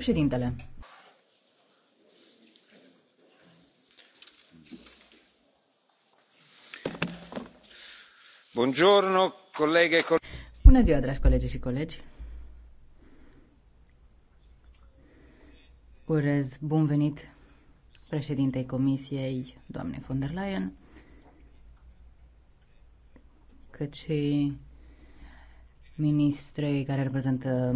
Președintele. Buongiorno, colleghe co Bună ziua, dragi colegi și colegi. Urez bun venit președintei Comisiei, doamne von der Leyen, cât și ministrei care reprezintă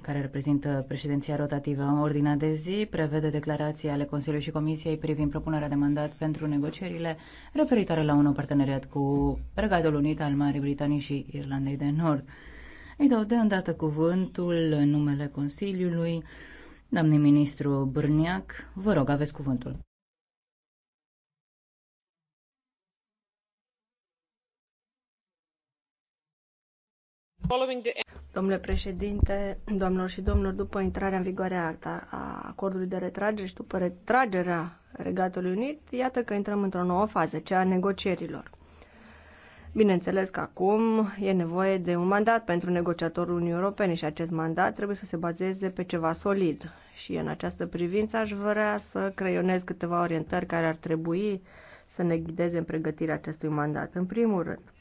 care reprezintă președinția rotativă. În ordinea de zi prevede declarații ale Consiliului și Comisiei privind propunerea de mandat pentru negocierile referitoare la un nou parteneriat cu Regatul Unit al Marii Britanii și Irlandei de Nord. Îi dau de îndată cuvântul în numele Consiliului. Doamne ministru Bârniac, vă rog, aveți cuvântul. Domnule președinte, doamnelor și domnilor, după intrarea în vigoare a, acordului de retragere și după retragerea Regatului Unit, iată că intrăm într-o nouă fază, cea a negocierilor. Bineînțeles că acum e nevoie de un mandat pentru negociatorul Uniunii Europene și acest mandat trebuie să se bazeze pe ceva solid. Și în această privință aș vrea să creionez câteva orientări care ar trebui să ne ghideze în pregătirea acestui mandat. În primul rând,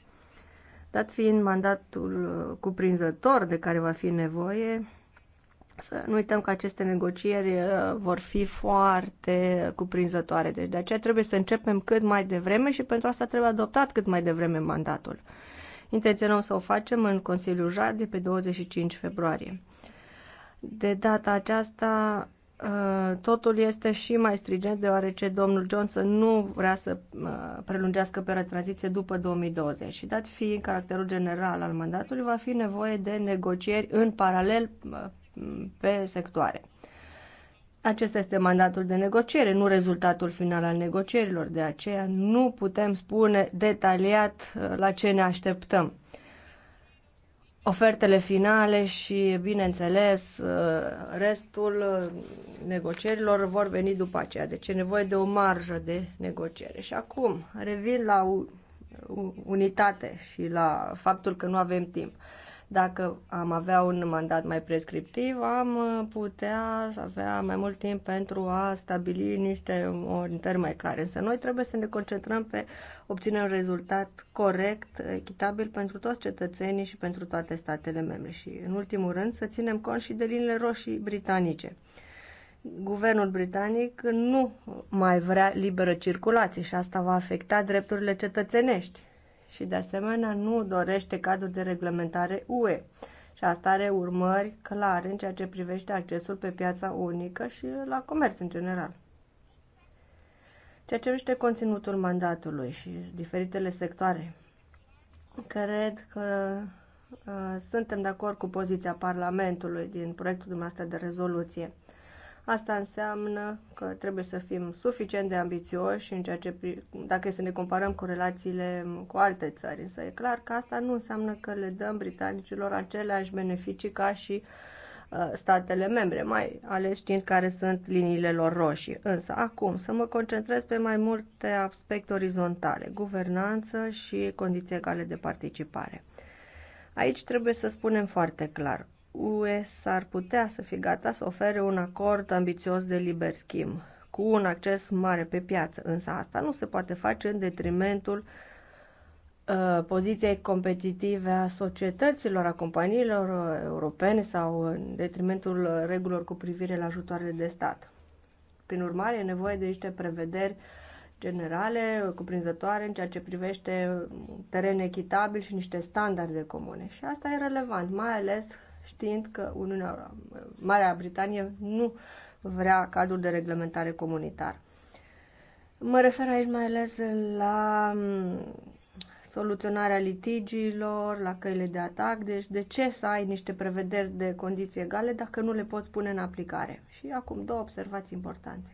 dat fiind mandatul uh, cuprinzător de care va fi nevoie, să nu uităm că aceste negocieri uh, vor fi foarte cuprinzătoare, deci de aceea trebuie să începem cât mai devreme și pentru asta trebuie adoptat cât mai devreme mandatul. Intenționăm să o facem în Consiliul JAD de pe 25 februarie. De data aceasta Uh, totul este și mai strigent deoarece domnul Johnson nu vrea să uh, prelungească pe tranziție după 2020 și dat fiind caracterul general al mandatului, va fi nevoie de negocieri în paralel uh, pe sectoare. Acesta este mandatul de negociere, nu rezultatul final al negocierilor, de aceea nu putem spune detaliat la ce ne așteptăm ofertele finale și, bineînțeles, restul negocierilor vor veni după aceea. Deci e nevoie de o marjă de negociere. Și acum revin la unitate și la faptul că nu avem timp. Uh, dacă am avea un mandat mai prescriptiv, am uh, putea avea mai mult timp pentru a stabili niște orientări mai clare. Însă noi trebuie să ne concentrăm pe obținerea un rezultat corect, echitabil pentru toți cetățenii și pentru toate statele membre. Și, în ultimul rând, să ținem cont și de liniile roșii britanice guvernul britanic nu mai vrea liberă circulație și asta va afecta drepturile cetățenești și de asemenea nu dorește cadrul de reglementare UE și asta are urmări clare în ceea ce privește accesul pe piața unică și la comerț în general. Ceea ce privește conținutul mandatului și diferitele sectoare, cred că uh, suntem de acord cu poziția Parlamentului din proiectul dumneavoastră de rezoluție. Asta înseamnă că trebuie să fim suficient de ambițioși în ceea ce, dacă e să ne comparăm cu relațiile cu alte țări. Însă e clar că asta nu înseamnă că le dăm britanicilor aceleași beneficii ca și uh, statele membre, mai ales știind care sunt liniile lor roșii. Însă, acum, să mă concentrez pe mai multe aspecte orizontale, guvernanță și condiții egale de participare. Aici trebuie să spunem foarte clar, UE s-ar putea să fie gata să ofere un acord ambițios de liber schimb, cu un acces mare pe piață, însă asta nu se poate face în detrimentul uh, poziției competitive a societăților, a companiilor uh, europene sau în detrimentul regulilor cu privire la ajutoarele de stat. Prin urmare, e nevoie de niște prevederi generale, cuprinzătoare în ceea ce privește teren echitabil și niște standarde comune. Și asta e relevant, mai ales știind că Uniunea, Marea Britanie nu vrea cadrul de reglementare comunitar. Mă refer aici mai ales la mm, soluționarea litigiilor, la căile de atac, deci de ce să ai niște prevederi de condiții egale dacă nu le poți pune în aplicare? Și acum două observații importante.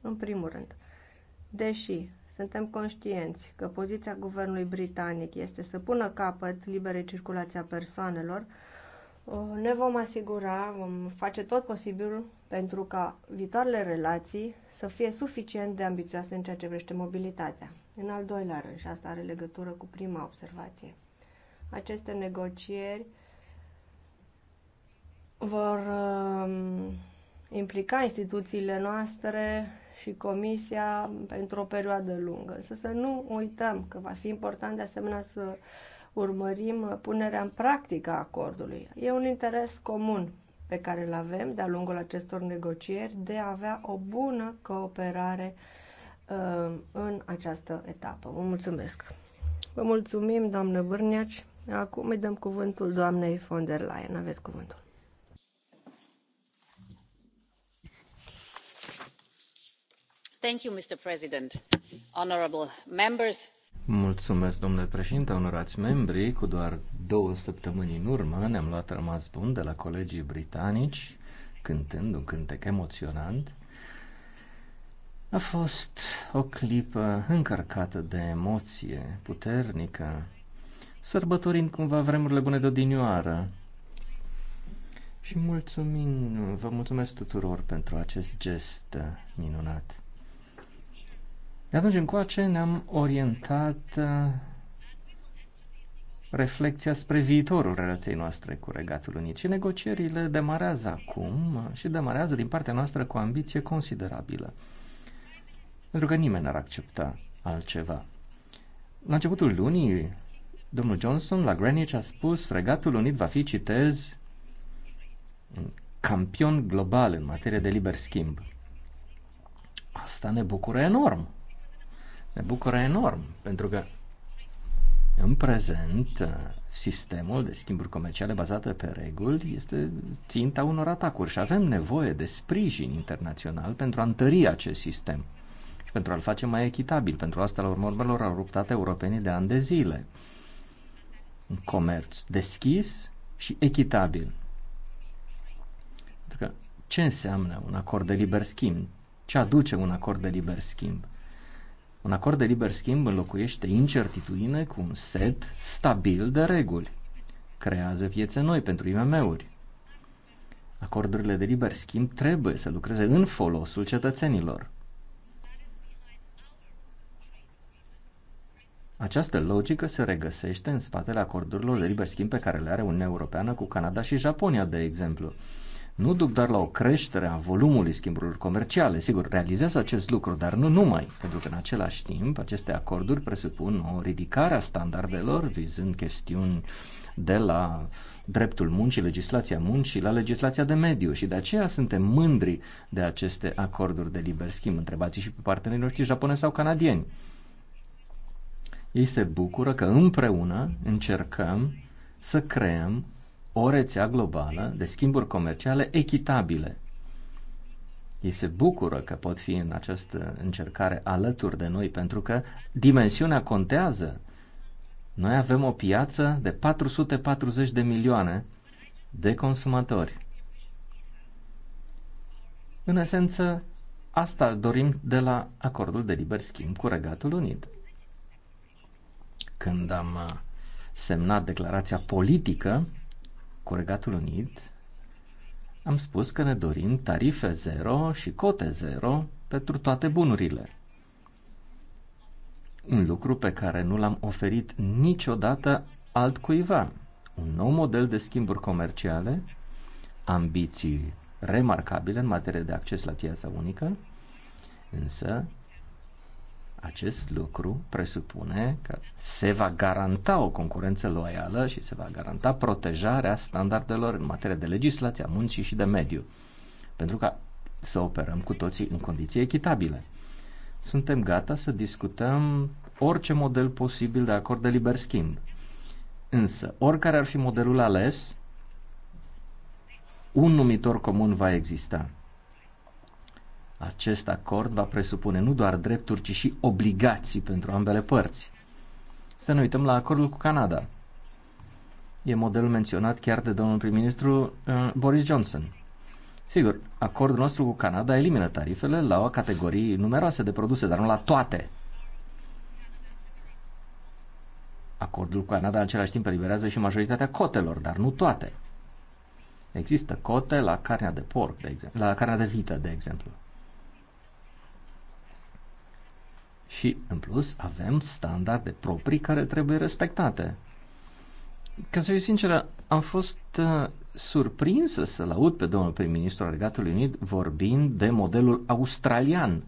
În primul rând, deși suntem conștienți că poziția guvernului britanic este să pună capăt liberei circulații a persoanelor, Uh, ne vom asigura, vom face tot posibilul pentru ca viitoarele relații să fie suficient de ambițioase în ceea ce vrește mobilitatea. În al doilea rând, și asta are legătură cu prima observație, aceste negocieri vor um, implica instituțiile noastre și Comisia pentru o perioadă lungă. Să, să nu uităm că va fi important de asemenea să uh, urmărim punerea în practică a acordului. E un interes comun pe care îl avem de-a lungul acestor negocieri de a avea o bună cooperare uh, în această etapă. Vă mulțumesc! Vă mulțumim, doamnă Bârniaci. Acum îi dăm cuvântul doamnei von der Leyen. Aveți cuvântul. Thank you, Mr. President. Honorable members, Mulțumesc, domnule președinte, onorați membri. Cu doar două săptămâni în urmă ne-am luat rămas bun de la colegii britanici, cântând un cântec emoționant. A fost o clipă încărcată de emoție puternică, sărbătorind cumva vremurile bune de odinioară. Și mulțumim, vă mulțumesc tuturor pentru acest gest minunat. De atunci încoace ne-am orientat uh, reflecția spre viitorul relației noastre cu Regatul Unit și negocierile demarează acum și demarează din partea noastră cu o ambiție considerabilă. Pentru că nimeni n-ar accepta altceva. La începutul lunii, domnul Johnson la Greenwich a spus Regatul Unit va fi, citez, un campion global în materie de liber schimb. Asta ne bucură enorm ne bucură enorm, pentru că în prezent sistemul de schimburi comerciale bazate pe reguli este ținta unor atacuri și avem nevoie de sprijin internațional pentru a întări acest sistem și pentru a-l face mai echitabil. Pentru asta, la urmărilor, au ruptat europenii de ani de zile. Un comerț deschis și echitabil. Pentru că ce înseamnă un acord de liber schimb? Ce aduce un acord de liber schimb? Un acord de liber schimb înlocuiește incertitudine cu un set stabil de reguli. Creează piețe noi pentru IMM-uri. Acordurile de liber schimb trebuie să lucreze în folosul cetățenilor. Această logică se regăsește în spatele acordurilor de liber schimb pe care le are Uniunea Europeană cu Canada și Japonia, de exemplu nu duc doar la o creștere a volumului schimburilor comerciale. Sigur, realizează acest lucru, dar nu numai, pentru că în același timp aceste acorduri presupun o ridicare a standardelor vizând chestiuni de la dreptul muncii, legislația muncii, la legislația de mediu și de aceea suntem mândri de aceste acorduri de liber schimb. Întrebați și pe partenerii noștri japonezi sau canadieni. Ei se bucură că împreună încercăm să creăm o rețea globală de schimburi comerciale echitabile. Ei se bucură că pot fi în această încercare alături de noi pentru că dimensiunea contează. Noi avem o piață de 440 de milioane de consumatori. În esență, asta dorim de la acordul de liber schimb cu Regatul Unit. Când am uh, semnat declarația politică, cu Regatul Unit, am spus că ne dorim tarife zero și cote zero pentru toate bunurile. Un lucru pe care nu l-am oferit niciodată altcuiva. Un nou model de schimburi comerciale, ambiții remarcabile în materie de acces la piața unică, însă acest lucru presupune că se va garanta o concurență loială și se va garanta protejarea standardelor în materie de legislație, a muncii și de mediu, pentru ca să operăm cu toții în condiții echitabile. Suntem gata să discutăm orice model posibil de acord de liber schimb. Însă, oricare ar fi modelul ales, un numitor comun va exista – acest acord va presupune nu doar drepturi, ci și obligații pentru ambele părți. Să ne uităm la acordul cu Canada. E modelul menționat chiar de domnul prim-ministru uh, Boris Johnson. Sigur, acordul nostru cu Canada elimină tarifele la o categorie numeroase de produse, dar nu la toate. Acordul cu Canada în același timp eliberează și majoritatea cotelor, dar nu toate. Există cote la carnea de porc, de exemplu, la carnea de vită, de exemplu. Și, în plus, avem standarde proprii care trebuie respectate. Ca să fiu sinceră, am fost uh, surprinsă să-l aud pe domnul prim-ministru al Regatului Unit vorbind de modelul australian.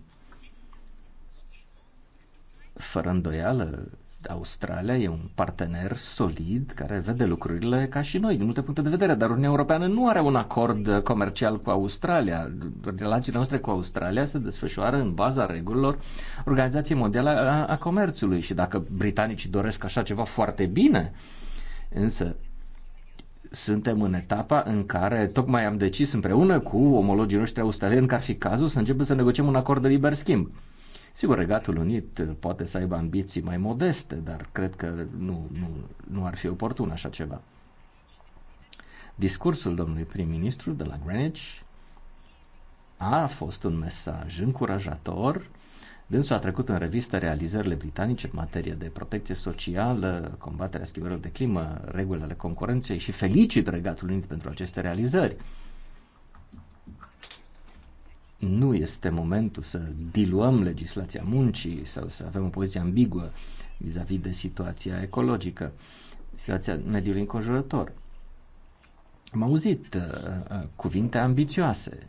Fără îndoială, Australia e un partener solid care vede lucrurile ca și noi, din multe puncte de vedere, dar Uniunea Europeană nu are un acord comercial cu Australia. Relațiile noastre cu Australia se desfășoară în baza regulilor Organizației Mondiale a, a Comerțului și dacă britanicii doresc așa ceva foarte bine, însă suntem în etapa în care tocmai am decis împreună cu omologii noștri australieni că ar fi cazul să începem să negociem un acord de liber schimb. Sigur, Regatul Unit uh, poate să aibă ambiții mai modeste, dar cred că nu, nu, nu ar fi oportun așa ceva. Discursul domnului prim-ministru de la Greenwich a fost un mesaj încurajator. Dânsul a trecut în revistă realizările britanice în materie de protecție socială, combaterea schimbărilor de climă, regulile concurenței și felicit Regatul Unit pentru aceste realizări nu este momentul să diluăm legislația muncii sau să avem o poziție ambiguă vis-a-vis de situația ecologică, situația mediului înconjurător. Am auzit uh, uh, cuvinte ambițioase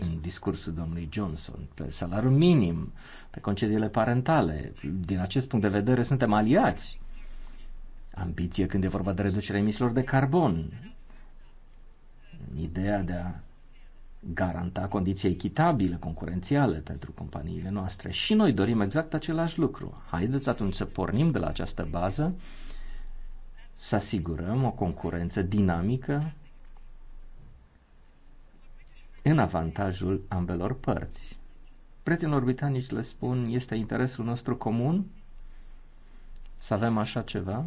în discursul domnului Johnson, pe salariul minim, pe concediile parentale. Din acest punct de vedere suntem aliați. Ambiție când e vorba de reducerea emisiilor de carbon. Ideea de a garanta condiții echitabile, concurențiale pentru companiile noastre. Și noi dorim exact același lucru. Haideți atunci să pornim de la această bază, să asigurăm o concurență dinamică în avantajul ambelor părți. Prietenilor britanici le spun, este interesul nostru comun să avem așa ceva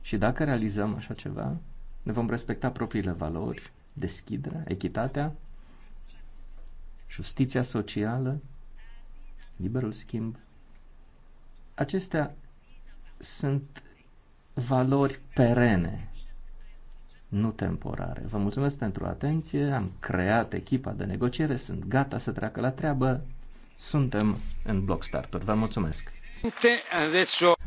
și dacă realizăm așa ceva, ne vom respecta propriile valori, deschiderea, echitatea justiția socială, liberul schimb. Acestea sunt valori perene, nu temporare. Vă mulțumesc pentru atenție, am creat echipa de negociere, sunt gata să treacă la treabă, suntem în bloc starturi. Vă mulțumesc!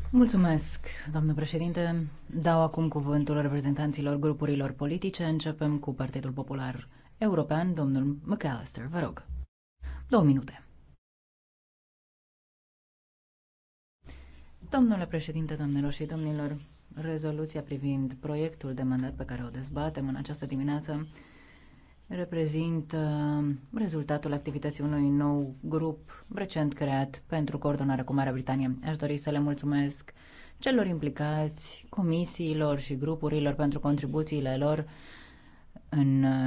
Mulțumesc, doamnă președinte. Dau acum cuvântul reprezentanților grupurilor politice. Începem cu Partidul Popular European, domnul McAllister. Vă rog. Două minute. Domnule președinte, domnilor și domnilor, rezoluția privind proiectul de mandat pe care o dezbatem în această dimineață reprezintă rezultatul activității unui nou grup recent creat pentru coordonare cu Marea Britanie. Aș dori să le mulțumesc celor implicați, comisiilor și grupurilor pentru contribuțiile lor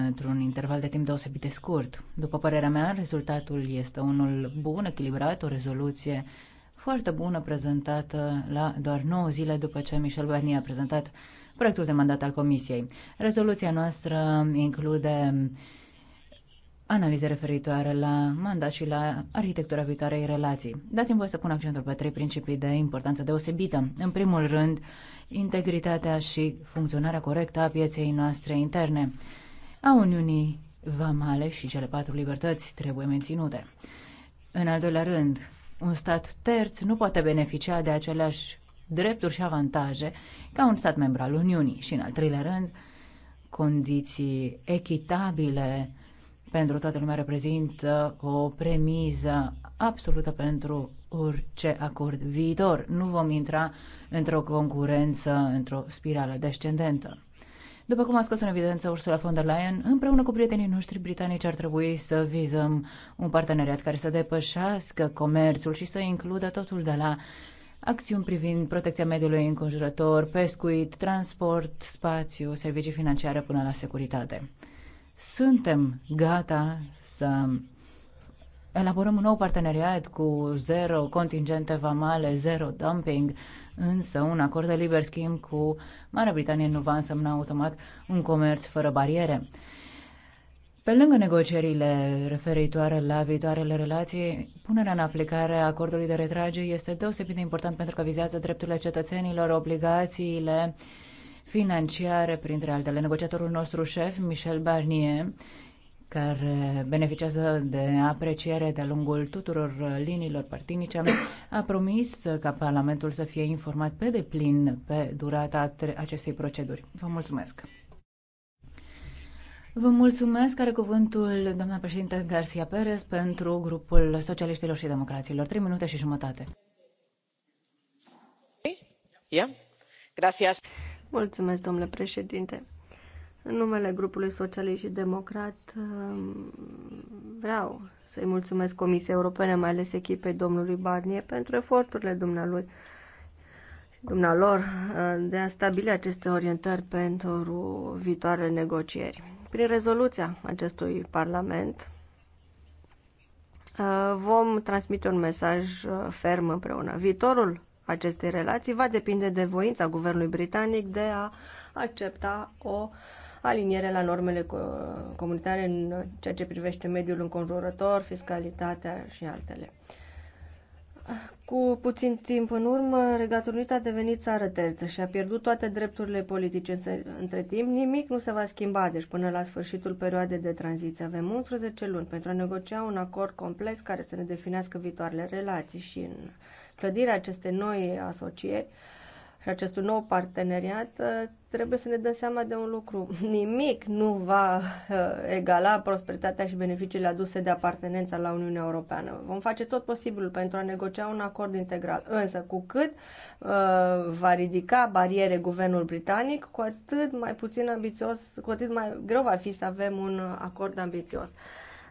într-un interval de timp deosebit de scurt. După părerea mea, rezultatul este unul bun, echilibrat, o rezoluție foarte bună prezentată la doar 9 zile după ce Michel Barnier a prezentat proiectul de mandat al Comisiei. Rezoluția noastră include analize referitoare la mandat și la arhitectura viitoarei relații. Dați-mi voi să pun accentul pe trei principii de importanță deosebită. În primul rând, integritatea și funcționarea corectă a pieței noastre interne, a Uniunii Vamale și cele patru libertăți trebuie menținute. În al doilea rând, un stat terț nu poate beneficia de aceleași drepturi și avantaje ca un stat membru al Uniunii. Și în al treilea rând, condiții echitabile pentru toată lumea reprezintă o premiză absolută pentru orice acord viitor. Nu vom intra într-o concurență, într-o spirală descendentă. După cum a scos în evidență Ursula von der Leyen, împreună cu prietenii noștri britanici ar trebui să vizăm un parteneriat care să depășească comerțul și să includă totul de la acțiuni privind protecția mediului înconjurător, pescuit, transport, spațiu, servicii financiare până la securitate. Suntem gata să elaborăm un nou parteneriat cu zero contingente vamale, zero dumping, însă un acord de liber schimb cu Marea Britanie nu va însemna automat un comerț fără bariere. Pe lângă negocierile referitoare la viitoarele relații, punerea în aplicare a acordului de retragere este deosebit de important pentru că vizează drepturile cetățenilor, obligațiile uh, financiare, printre altele. Negociatorul nostru șef, Michel Barnier, care beneficiază de apreciere de-a lungul tuturor liniilor partinice, a promis ca Parlamentul să fie informat pe deplin pe durata acestei proceduri. Vă mulțumesc! Vă mulțumesc, are cuvântul doamna președinte Garcia Perez pentru grupul Socialiștilor și Democraților. Trei minute și jumătate. Yeah. Gracias. Mulțumesc, domnule președinte. În numele grupului socialist și democrat um, vreau să-i mulțumesc Comisiei Europene, mai ales echipei domnului Barnier, pentru eforturile dumnealui și dumnealor uh, de a stabili aceste orientări pentru viitoarele negocieri. Prin rezoluția acestui Parlament uh, vom transmite un mesaj uh, ferm împreună. Viitorul acestei relații va depinde de voința guvernului britanic de a accepta o aliniere la normele comunitare în ceea ce privește mediul înconjurător, fiscalitatea și altele. Cu puțin timp în urmă, Regatul Unit a devenit țară terță și a pierdut toate drepturile politice între timp. Nimic nu se va schimba, deci până la sfârșitul perioadei de tranziție avem 11 luni pentru a negocia un acord complex care să ne definească viitoarele relații și în clădirea acestei noi asocieri și acestui nou parteneriat, uh, trebuie să ne dăm seama de un lucru. Nimic nu va uh, egala prosperitatea și beneficiile aduse de apartenența la Uniunea Europeană. Vom face tot posibilul pentru a negocia un acord integral. Însă, cu cât uh, va ridica bariere guvernul britanic, cu atât mai puțin ambițios, cu atât mai greu va fi să avem un acord ambițios.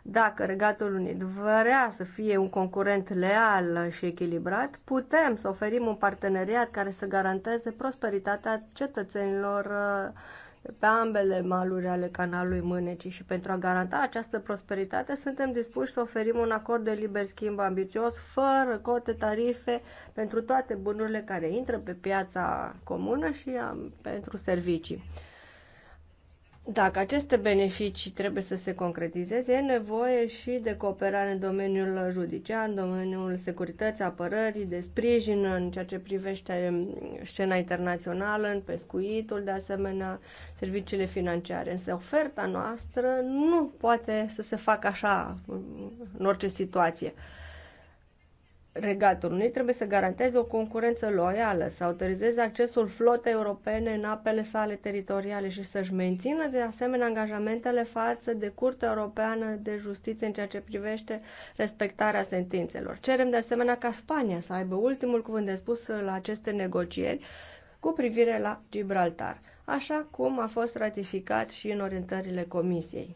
Dacă Regatul Unit vrea să fie un concurent leal și echilibrat, putem să oferim un parteneriat care să garanteze prosperitatea cetățenilor uh, pe ambele maluri ale canalului Mânecii și pentru a garanta această prosperitate suntem dispuși să oferim un acord de liber schimb ambițios fără cote tarife pentru toate bunurile care intră pe piața comună și uh, pentru servicii. Dacă aceste beneficii trebuie să se concretizeze, e nevoie și de cooperare în domeniul judiciar, în domeniul securității, apărării, de sprijin în ceea ce privește mm, scena internațională, în pescuitul, de asemenea, serviciile financiare. Însă oferta noastră nu poate să se facă așa mm, în orice situație. Uh, Regatul Unit trebuie să garanteze o concurență loială, să autorizeze accesul flotei europene în apele sale teritoriale și să-și mențină de asemenea angajamentele față de Curtea Europeană de Justiție în ceea ce privește respectarea sentințelor. Cerem de asemenea ca Spania să aibă ultimul cuvânt de spus la aceste negocieri cu privire la Gibraltar, așa cum a fost ratificat și în orientările Comisiei.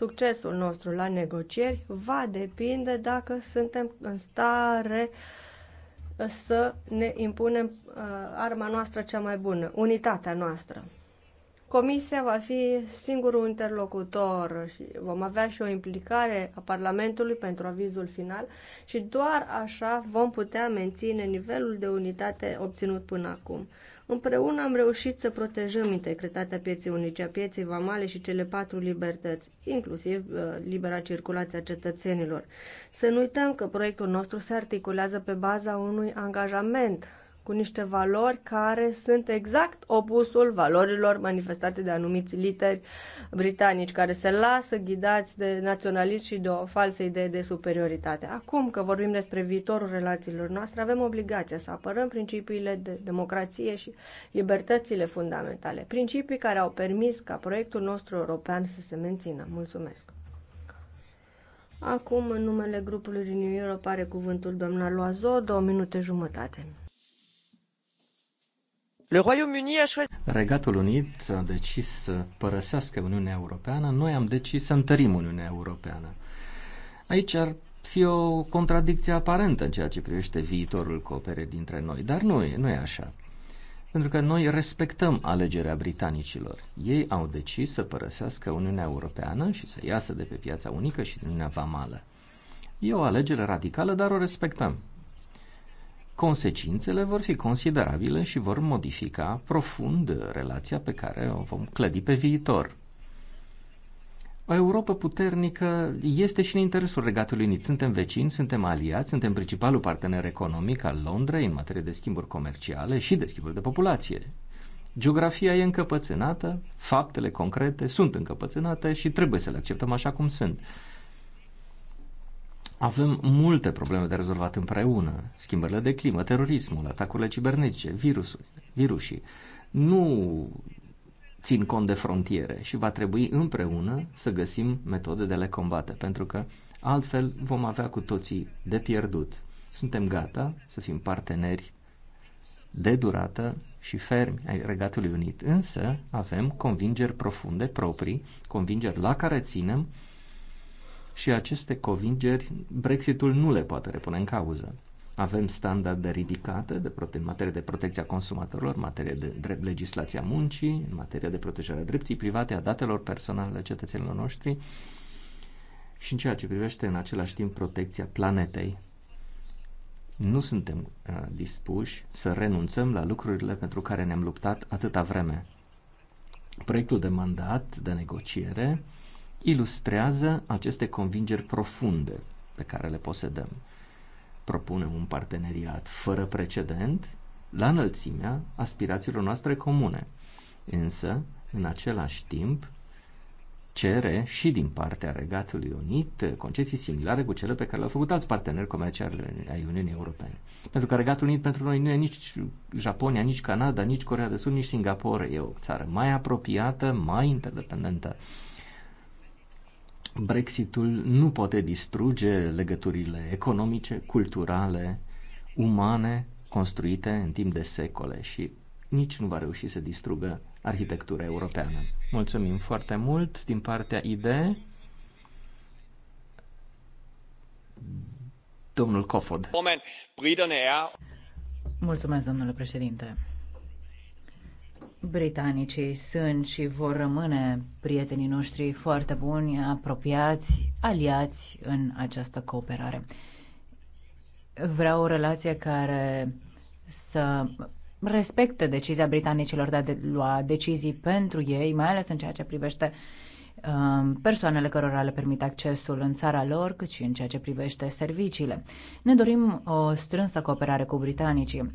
Succesul nostru la negocieri va depinde dacă suntem în stare uh, să ne impunem uh, arma noastră cea mai bună, unitatea noastră. Comisia va fi singurul interlocutor și vom avea și o implicare a Parlamentului pentru avizul final și doar așa vom putea menține nivelul de unitate obținut până acum. Împreună am reușit să protejăm integritatea pieței unice, a pieței vamale și cele patru libertăți, inclusiv uh, libera circulație a cetățenilor. Să nu uităm că proiectul nostru se articulează pe baza unui angajament cu niște valori care sunt exact opusul valorilor manifestate de anumiți lideri britanici care se lasă ghidați de naționalism și de o falsă idee de superioritate. Acum că vorbim despre viitorul relațiilor noastre, avem obligația să apărăm principiile de democrație și libertățile fundamentale, principii care au permis ca proiectul nostru european să se mențină. Mulțumesc! Acum, în numele grupului Renew Europe, are cuvântul doamna Loazo, două minute jumătate. Regatul Unit a decis să părăsească Uniunea Europeană, noi am decis să întărim Uniunea Europeană. Aici ar fi o contradicție aparentă în ceea ce privește viitorul coopere dintre noi, dar nu nu e așa. Pentru că noi respectăm alegerea britanicilor. Ei au decis să părăsească Uniunea Europeană și să iasă de pe piața unică și din Uniunea Vamală. E o alegere radicală, dar o respectăm consecințele vor fi considerabile și vor modifica profund relația pe care o vom clădi pe viitor. O Europa puternică este și în interesul Regatului Unit. Suntem vecini, suntem aliați, suntem principalul partener economic al Londrei în materie de schimburi comerciale și de schimburi de populație. Geografia e încăpățânată, faptele concrete sunt încăpățânate și trebuie să le acceptăm așa cum sunt. Avem multe probleme de rezolvat împreună. Schimbările de climă, terorismul, atacurile cibernetice, virusul, virusii. Nu țin cont de frontiere și va trebui împreună să găsim metode de a le combate, pentru că altfel vom avea cu toții de pierdut. Suntem gata să fim parteneri de durată și fermi ai Regatului Unit, însă avem convingeri profunde proprii, convingeri la care ținem și aceste convingeri Brexitul nu le poate repune în cauză. Avem standarde ridicate de prote- în materie de protecția consumatorilor, în materie de drept, legislația muncii, în materie de protejarea dreptii private, a datelor personale ale cetățenilor noștri și în ceea ce privește în același timp protecția planetei. Nu suntem uh, dispuși să renunțăm la lucrurile pentru care ne-am luptat atâta vreme. Proiectul de mandat de negociere ilustrează aceste convingeri profunde pe care le posedăm. Propunem un parteneriat fără precedent la înălțimea aspirațiilor noastre comune, însă, în același timp, cere și din partea Regatului Unit concesii similare cu cele pe care le-au făcut alți parteneri comerciali ai Uniunii Europene. Pentru că Regatul Unit pentru noi nu e nici Japonia, nici Canada, nici Corea de Sud, nici Singapore. E o țară mai apropiată, mai interdependentă Brexitul nu poate distruge legăturile economice, culturale, umane construite în timp de secole și nici nu va reuși să distrugă arhitectura europeană. Mulțumim foarte mult din partea ID. Domnul Cofod. Er- Mulțumesc, domnule președinte. Britanicii sunt și vor rămâne prietenii noștri foarte buni, apropiați, aliați în această cooperare. Vreau o relație care să respecte decizia britanicilor de a de lua decizii pentru ei, mai ales în ceea ce privește um, persoanele cărora le permit accesul în țara lor, cât și în ceea ce privește serviciile. Ne dorim o strânsă cooperare cu britanicii.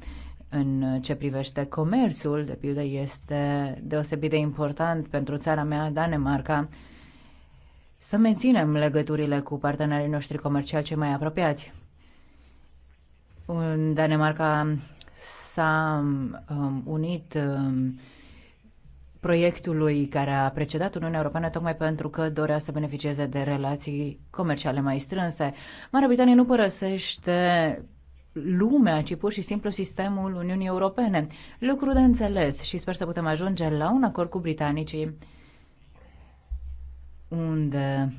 În ce privește comerțul, de pildă, este deosebit de important pentru țara mea, Danemarca, să menținem legăturile cu partenerii noștri comerciali cei mai apropiați. În Danemarca s-a um, unit um, proiectului care a precedat Uniunea Europeană tocmai pentru că dorea să beneficieze de relații comerciale mai strânse. Marea Britanie nu părăsește lumea, ci pur și simplu sistemul Uniunii Europene. Lucru de înțeles și sper să putem ajunge la un acord cu britanicii unde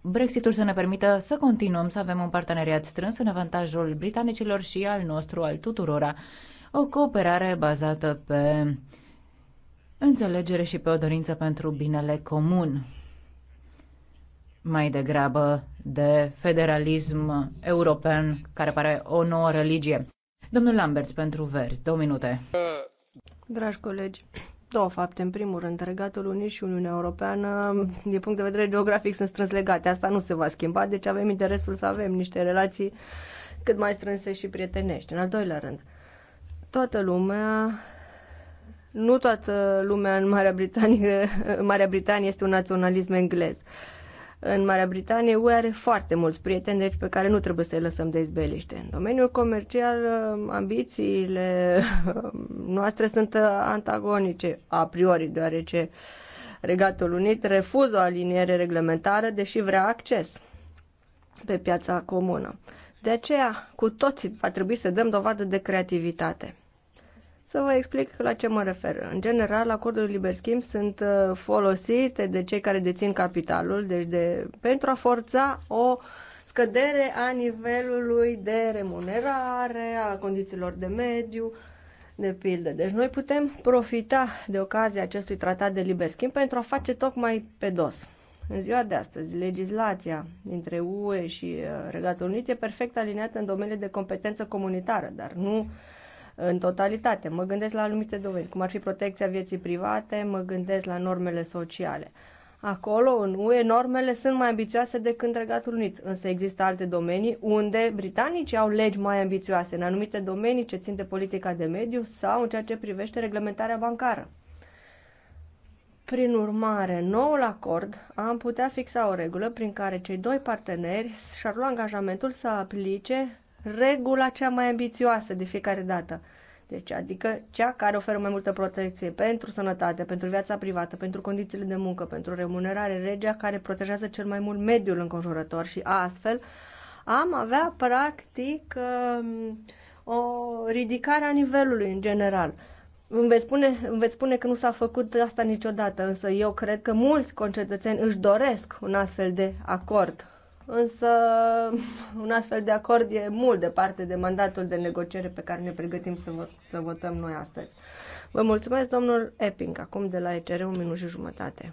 Brexitul să ne permită să continuăm să avem un parteneriat strâns în avantajul britanicilor și al nostru, al tuturora. O cooperare bazată pe înțelegere și pe o dorință pentru binele comun mai degrabă de federalism european care pare o nouă religie. Domnul Lamberts, pentru verzi, două minute. Dragi colegi, două fapte. În primul rând, Regatul Unit și Uniunea Europeană, din punct de vedere geografic, sunt strâns legate. Asta nu se va schimba, deci avem interesul să avem niște relații cât mai strânse și prietenești. În al doilea rând, toată lumea nu toată lumea în Marea Britanie, Marea Britanie este un naționalism englez. Uh, în Marea Britanie, UE are foarte mulți prieteni, deci pe care nu trebuie să-i lăsăm dezbeliște. În domeniul comercial, uh, ambițiile uh, noastre sunt uh, antagonice a priori, deoarece Regatul Unit refuză o aliniere reglementară, deși vrea acces pe piața comună. De aceea, cu toții va trebui să dăm dovadă de creativitate. Să vă explic la ce mă refer. În general, acordurile liber schimb sunt uh, folosite de cei care dețin capitalul, deci de, pentru a forța o scădere a nivelului de remunerare, a condițiilor de mediu, de pildă. Deci noi putem profita de ocazia acestui tratat de liber schimb pentru a face tocmai pe dos. În ziua de astăzi, legislația dintre UE și uh, Regatul Unit e perfect aliniată în domeniile de competență comunitară, dar nu în totalitate. Mă gândesc la anumite domenii, cum ar fi protecția vieții private, mă gândesc la normele sociale. Acolo, în UE, normele sunt mai ambițioase decât în Regatul Unit, însă există alte domenii unde britanicii au legi mai ambițioase, în anumite domenii ce țin de politica de mediu sau în ceea ce privește reglementarea bancară. Prin urmare, noul acord am putea fixa o regulă prin care cei doi parteneri și-ar lua angajamentul să aplice regula cea mai ambițioasă de fiecare dată. Deci, adică cea care oferă mai multă protecție pentru sănătate, pentru viața privată, pentru condițiile de muncă, pentru remunerare, regea care protejează cel mai mult mediul înconjurător și astfel am avea practic um, o ridicare a nivelului în general. Îmi veți, spune, îmi veți spune că nu s-a făcut asta niciodată, însă eu cred că mulți concetățeni își doresc un astfel de acord însă un astfel de acord e mult departe de mandatul de negociere pe care ne pregătim să, vot, să votăm noi astăzi. Vă mulțumesc, domnul Epping, acum de la ECR, un minut și jumătate.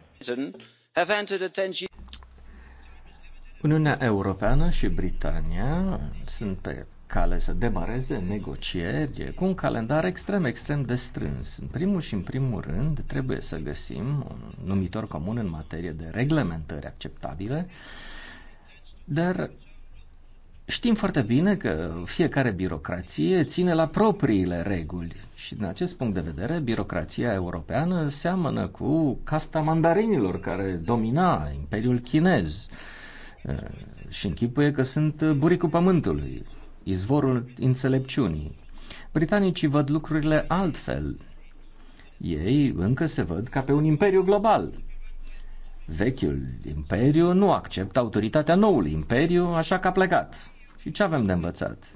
Uniunea Europeană și Britania sunt pe cale să demareze negocieri cu un calendar extrem, extrem de strâns. În primul și în primul rând trebuie să găsim un numitor comun în materie de reglementări acceptabile dar știm foarte bine că fiecare birocrație ține la propriile reguli și din acest punct de vedere birocrația europeană seamănă cu casta mandarinilor care domina Imperiul Chinez eh, și închipuie că sunt buricul pământului, izvorul înțelepciunii. Britanicii văd lucrurile altfel. Ei încă se văd ca pe un imperiu global Vechiul imperiu nu acceptă autoritatea noului imperiu, așa că a plecat. Și ce avem de învățat?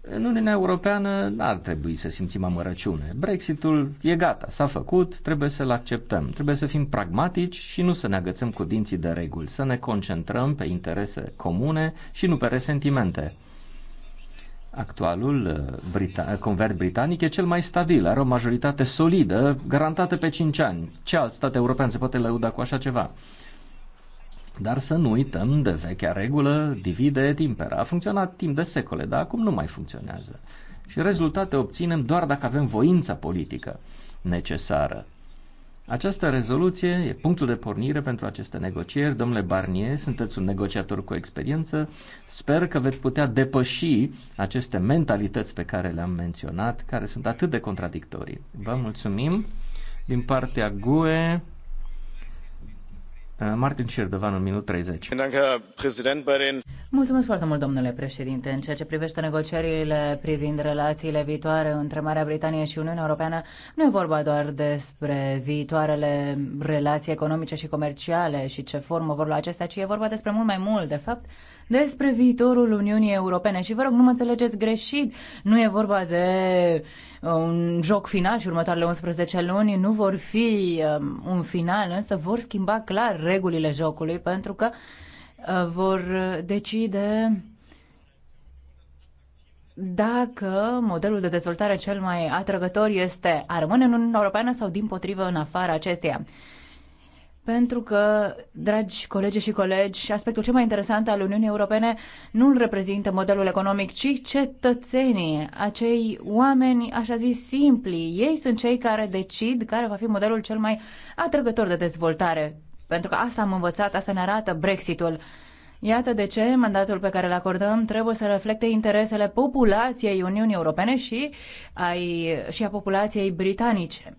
În Uniunea Europeană n-ar trebui să simțim amărăciune. Brexitul e gata, s-a făcut, trebuie să-l acceptăm. Trebuie să fim pragmatici și nu să ne agățăm cu dinții de reguli, să ne concentrăm pe interese comune și nu pe resentimente. Actualul uh, Brita- uh, convert britanic e cel mai stabil, are o majoritate solidă, garantată pe 5 ani. Ce alt stat european se poate lăuda cu așa ceva? Dar să nu uităm de vechea regulă, divide et impera. A funcționat timp de secole, dar acum nu mai funcționează. Și rezultate obținem doar dacă avem voința politică necesară. Această rezoluție e punctul de pornire pentru aceste negocieri. Domnule Barnier, sunteți un negociator cu experiență. Sper că veți putea depăși aceste mentalități pe care le-am menționat, care sunt atât de contradictorii. Vă mulțumim. Din partea GUE, Uh, Martin Șirdevan, în minut 30. Mulțumesc foarte mult, domnule președinte. În ceea ce privește negocierile privind relațiile viitoare între Marea Britanie și Uniunea Europeană, nu e vorba doar despre viitoarele relații economice și comerciale și ce formă vor lua acestea, ci e vorba despre mult mai mult. De fapt, despre viitorul Uniunii Europene. Și vă rog, nu mă înțelegeți greșit, nu e vorba de uh, un joc final și următoarele 11 luni nu vor fi um, un final, însă vor schimba clar regulile jocului pentru că uh, vor decide dacă modelul de dezvoltare cel mai atrăgător este a rămâne în Uniunea Europeană sau din potrivă în afara acesteia pentru că, dragi colegi și colegi, aspectul cel mai interesant al Uniunii Europene nu îl reprezintă modelul economic, ci cetățenii, acei oameni, așa zis, simpli. Ei sunt cei care decid care va fi modelul cel mai atrăgător de dezvoltare. Pentru că asta am învățat, asta ne arată Brexitul. Iată de ce mandatul pe care îl acordăm trebuie să reflecte interesele populației Uniunii Europene și, ai, și a populației britanice.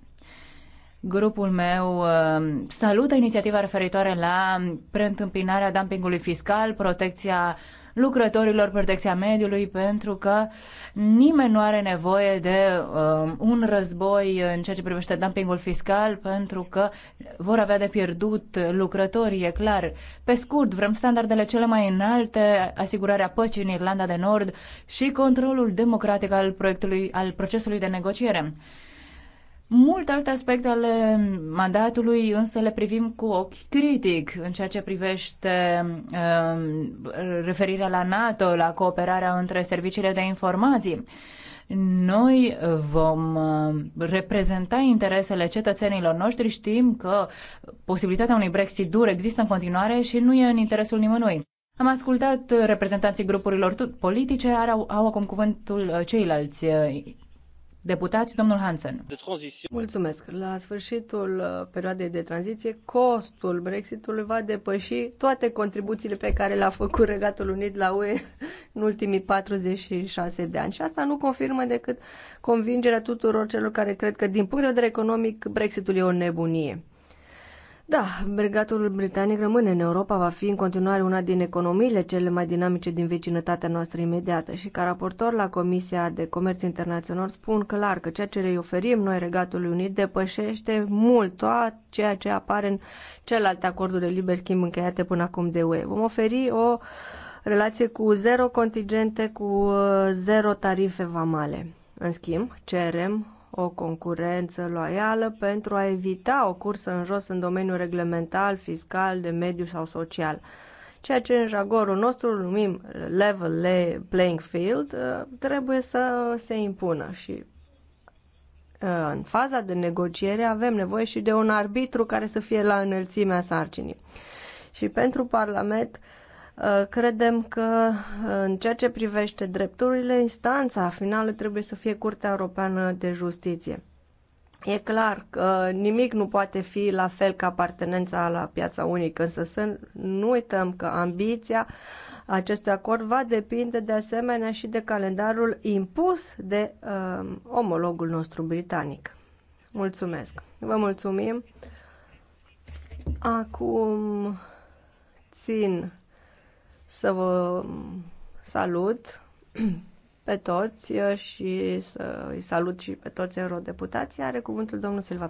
Grupul meu uh, salută inițiativa referitoare la preîntâmpinarea dumpingului fiscal, protecția lucrătorilor, protecția mediului, pentru că nimeni nu are nevoie de uh, un război în ceea ce privește dumpingul fiscal, pentru că vor avea de pierdut lucrătorii, e clar. Pe scurt, vrem standardele cele mai înalte, asigurarea păcii în Irlanda de Nord și controlul democratic al proiectului, al procesului de negociere. Multe alte aspecte ale mandatului însă le privim cu ochi critic în ceea ce privește um, referirea la NATO, la cooperarea între serviciile de informații. Noi vom um, reprezenta interesele cetățenilor noștri, știm că posibilitatea unui Brexit dur există în continuare și nu e în interesul nimănui. Am ascultat reprezentanții grupurilor politice, au, au acum cuvântul uh, ceilalți uh, deputați, domnul Hansen. Mulțumesc. La sfârșitul uh, perioadei de tranziție, costul Brexitului va depăși toate contribuțiile pe care le-a făcut Regatul Unit la UE în ultimii 46 de ani. Și asta nu confirmă decât convingerea tuturor celor care cred că, din punct de vedere economic, Brexitul e o nebunie. Da, regatul britanic rămâne în Europa, va fi în continuare una din economiile cele mai dinamice din vecinătatea noastră imediată și ca raportor la Comisia de Comerț Internațional spun clar că ceea ce le oferim noi Regatului Unit depășește mult tot ceea ce apare în celelalte acorduri de liber schimb încheiate până acum de UE. Vom oferi o relație cu zero contingente, cu uh, zero tarife vamale. În schimb, cerem o concurență loială pentru a evita o cursă în jos în domeniul reglemental, fiscal, de mediu sau social. Ceea ce în jargonul nostru numim level playing field uh, trebuie să se impună și uh, în faza de negociere avem nevoie și de un arbitru care să fie la înălțimea sarcinii. Și pentru Parlament Uh, credem că uh, în ceea ce privește drepturile, instanța finală trebuie să fie Curtea Europeană de Justiție. E clar că nimic nu poate fi la fel ca apartenența la piața unică, însă să nu uităm că ambiția acestui acord va depinde de asemenea și de calendarul impus de um, omologul nostru britanic. Mulțumesc! Vă mulțumim! Acum țin să vă salut pe toți uh, și să îi salut și pe toți eurodeputații. Are cuvântul domnul Silva.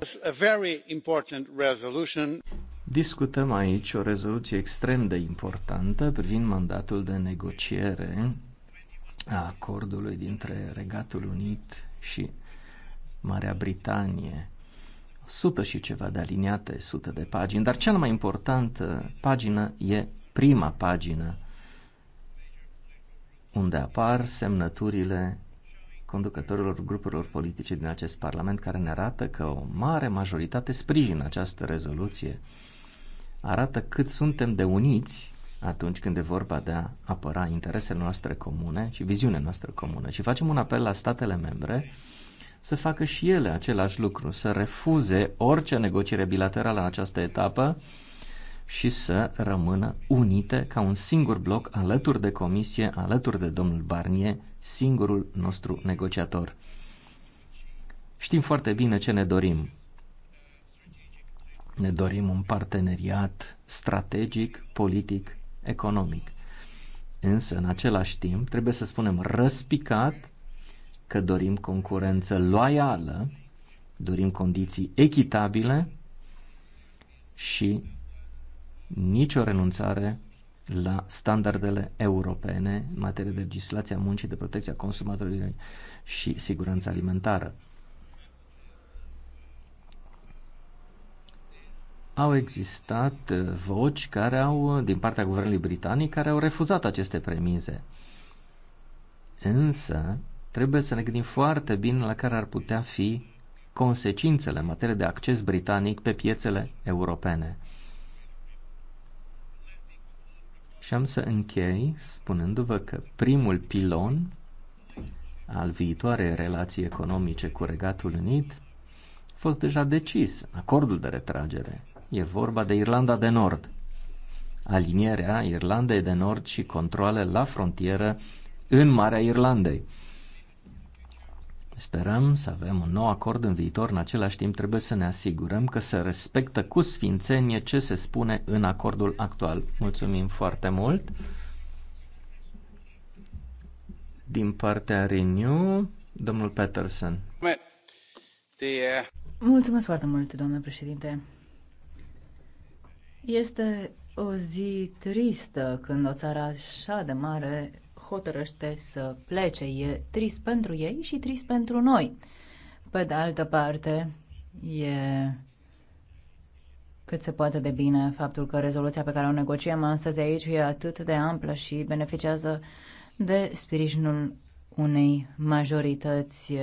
Discutăm aici o rezoluție extrem de importantă privind mandatul de negociere a acordului dintre Regatul Unit și Marea Britanie. Sută și ceva de aliniate, sute de pagini, dar cea mai importantă pagină e prima pagină unde apar semnăturile conducătorilor grupurilor politice din acest Parlament care ne arată că o mare majoritate sprijină această rezoluție, arată cât suntem de uniți atunci când e vorba de a apăra interesele noastre comune și viziunea noastră comună. Și facem un apel la statele membre să facă și ele același lucru, să refuze orice negociere bilaterală în această etapă, și să rămână unite ca un singur bloc alături de comisie, alături de domnul Barnier, singurul nostru negociator. Știm foarte bine ce ne dorim. Ne dorim un parteneriat strategic, politic, economic. Însă, în același timp, trebuie să spunem răspicat că dorim concurență loială, dorim condiții echitabile și nicio renunțare la standardele europene în materie de legislație a muncii, de protecția consumatorilor și siguranța alimentară. Au existat uh, voci care au, uh, din partea guvernului britanic, care au refuzat aceste premize. Însă, trebuie să ne gândim foarte bine la care ar putea fi consecințele în materie de acces britanic pe piețele europene. Și am să închei spunându-vă că primul pilon al viitoarei relații economice cu Regatul Unit a fost deja decis, acordul de retragere. E vorba de Irlanda de Nord. Alinierea Irlandei de Nord și controle la frontieră în Marea Irlandei. Sperăm să avem un nou acord în viitor, în același timp trebuie să ne asigurăm că se respectă cu sfințenie ce se spune în acordul actual. Mulțumim foarte mult! Din partea Renew, domnul Peterson. Mulțumesc foarte mult, domnule președinte. Este o zi tristă când o țară așa de mare hotărăște să plece. E trist pentru ei și trist pentru noi. Pe de altă parte, e cât se poate de bine faptul că rezoluția pe care o negociem astăzi aici e atât de amplă și beneficiază de sprijinul unei majorități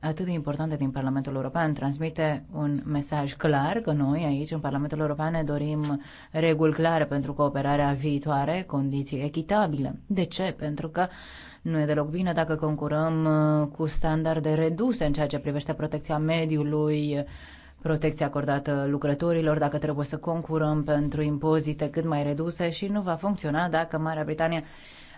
atât de importante din Parlamentul European transmite un mesaj clar că noi aici în Parlamentul European ne dorim reguli clare pentru cooperarea viitoare, condiții echitabile. De ce? Pentru că nu e deloc bine dacă concurăm uh, cu standarde reduse în ceea ce privește protecția mediului, protecția acordată lucrătorilor, dacă trebuie să concurăm pentru impozite cât mai reduse și nu va funcționa dacă Marea Britanie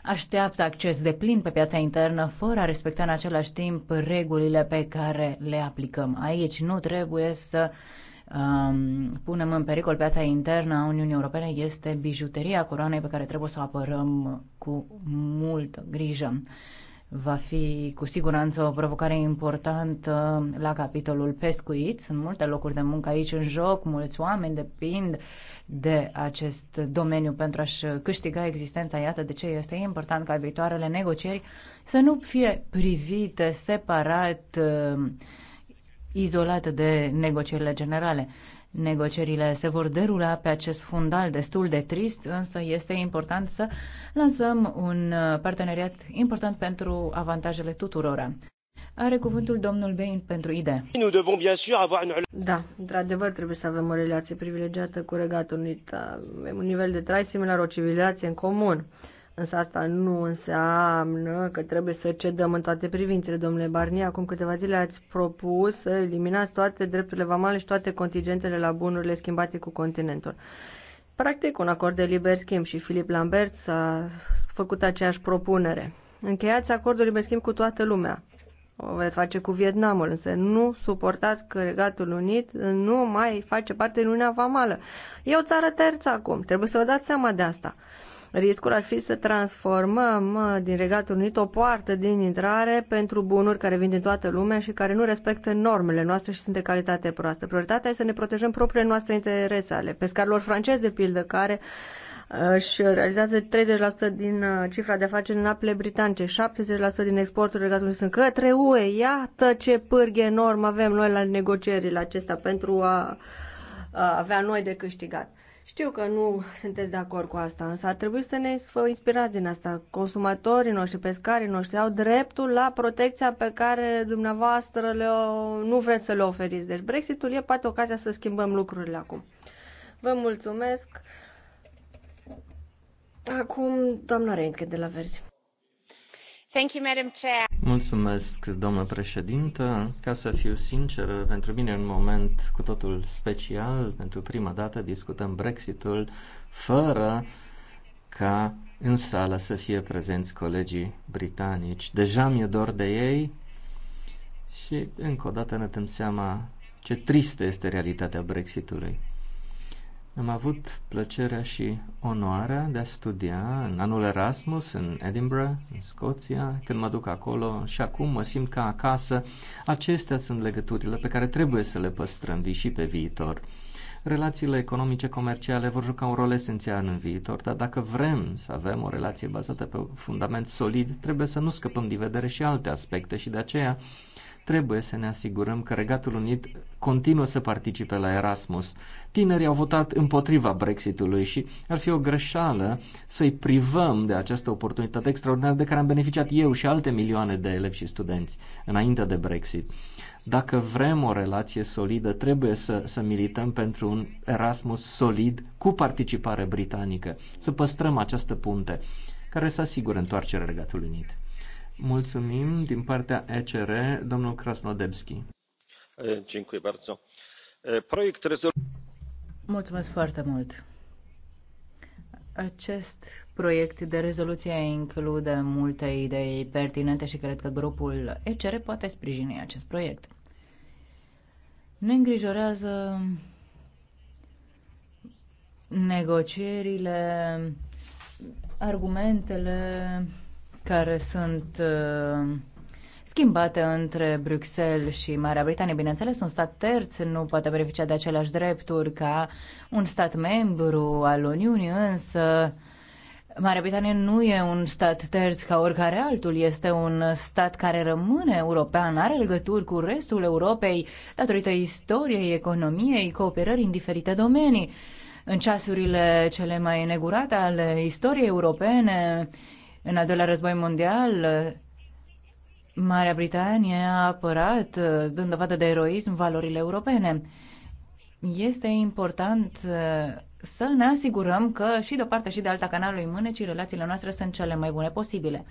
așteaptă acces de plin pe piața internă fără a respecta în același timp regulile pe care le aplicăm. Aici nu trebuie să um, punem în pericol piața internă a Uniunii Europene, este bijuteria coroanei pe care trebuie să o apărăm cu multă grijă va fi cu siguranță o provocare importantă la capitolul pescuit. Sunt multe locuri de muncă aici în joc, mulți oameni depind de acest domeniu pentru a-și câștiga existența. Iată de ce este important ca viitoarele negocieri să nu fie privite separat, uh, izolate de negocierile generale. Negocierile se vor derula pe acest fundal destul de trist, însă este important să lansăm un uh, parteneriat important pentru avantajele tuturora. Are cuvântul domnul Bain pentru idee. Da, într-adevăr trebuie să avem o relație privilegiată cu Regatul Unit. Da, avem un nivel de trai similar, o civilizație în comun. Însă asta nu înseamnă că trebuie să cedăm în toate privințele, domnule Barnier. Acum câteva zile ați propus să eliminați toate drepturile vamale și toate contingentele la bunurile schimbate cu continentul. Practic, un acord de liber schimb și Filip Lambert s-a făcut aceeași propunere. Încheiați acordul liber schimb cu toată lumea, o veți face cu Vietnamul, însă nu suportați că Regatul Unit nu mai face parte din Uniunea Vamală. E o țară terță acum, trebuie să vă dați seama de asta. Riscul ar fi să transformăm din Regatul Unit o poartă din intrare pentru bunuri care vin din toată lumea și care nu respectă normele noastre și sunt de calitate proastă. Prioritatea este să ne protejăm propriile noastre interese ale pescarilor francezi, de pildă, care uh, își realizează 30% din uh, cifra de afaceri în apele britanice, 70% din exporturile Regatului sunt către UE. Iată ce pârghie enorm avem noi la negocierile acestea pentru a, a avea noi de câștigat. Știu că nu sunteți de acord cu asta, însă ar trebui să ne inspirați din asta. Consumatorii noștri, pescarii noștri au dreptul la protecția pe care dumneavoastră le nu vreți să le oferiți. Deci Brexitul e poate ocazia să schimbăm lucrurile acum. Vă mulțumesc! Acum, doamna Reintke de la Verzi. Thank you, Madam Chair. Mulțumesc, doamnă președintă. Ca să fiu sinceră, pentru mine un moment cu totul special. Pentru prima dată discutăm Brexitul fără ca în sală să fie prezenți colegii britanici. Deja mi-e dor de ei și încă o dată ne dăm seama ce tristă este realitatea Brexitului. Am avut plăcerea și onoarea de a studia în anul Erasmus, în Edinburgh, în Scoția. Când mă duc acolo și acum mă simt ca acasă. Acestea sunt legăturile pe care trebuie să le păstrăm vii și pe viitor. Relațiile economice comerciale vor juca un rol esențial în viitor, dar dacă vrem să avem o relație bazată pe un fundament solid, trebuie să nu scăpăm din vedere și alte aspecte și de aceea Trebuie să ne asigurăm că Regatul Unit continuă să participe la Erasmus. Tinerii au votat împotriva Brexitului și ar fi o greșeală să-i privăm de această oportunitate extraordinară de care am beneficiat eu și alte milioane de elevi și studenți înainte de Brexit. Dacă vrem o relație solidă, trebuie să, să milităm pentru un Erasmus solid cu participare britanică, să păstrăm această punte care să asigure întoarcerea Regatului Unit. Mulțumim din partea ECR, domnul Krasnodebski. Dziękuję bardzo. Proiect Mulțumesc foarte mult. Acest proiect de rezoluție include multe idei pertinente și cred că grupul ECR poate sprijini acest proiect. Ne îngrijorează negocierile, argumentele care sunt uh, schimbate între Bruxelles și Marea Britanie. Bineînțeles, un stat terț nu poate beneficia de aceleași drepturi ca un stat membru al Uniunii, însă Marea Britanie nu e un stat terț ca oricare altul, este un stat care rămâne european, are legături cu restul Europei datorită istoriei, economiei, cooperării în diferite domenii. În ceasurile cele mai negurate ale istoriei europene, în al doilea război mondial, Marea Britanie a apărat, uh, dând dovadă de eroism, valorile europene. Este important uh, să ne asigurăm că și de o parte și de alta canalului mânecii relațiile noastre sunt cele mai bune posibile.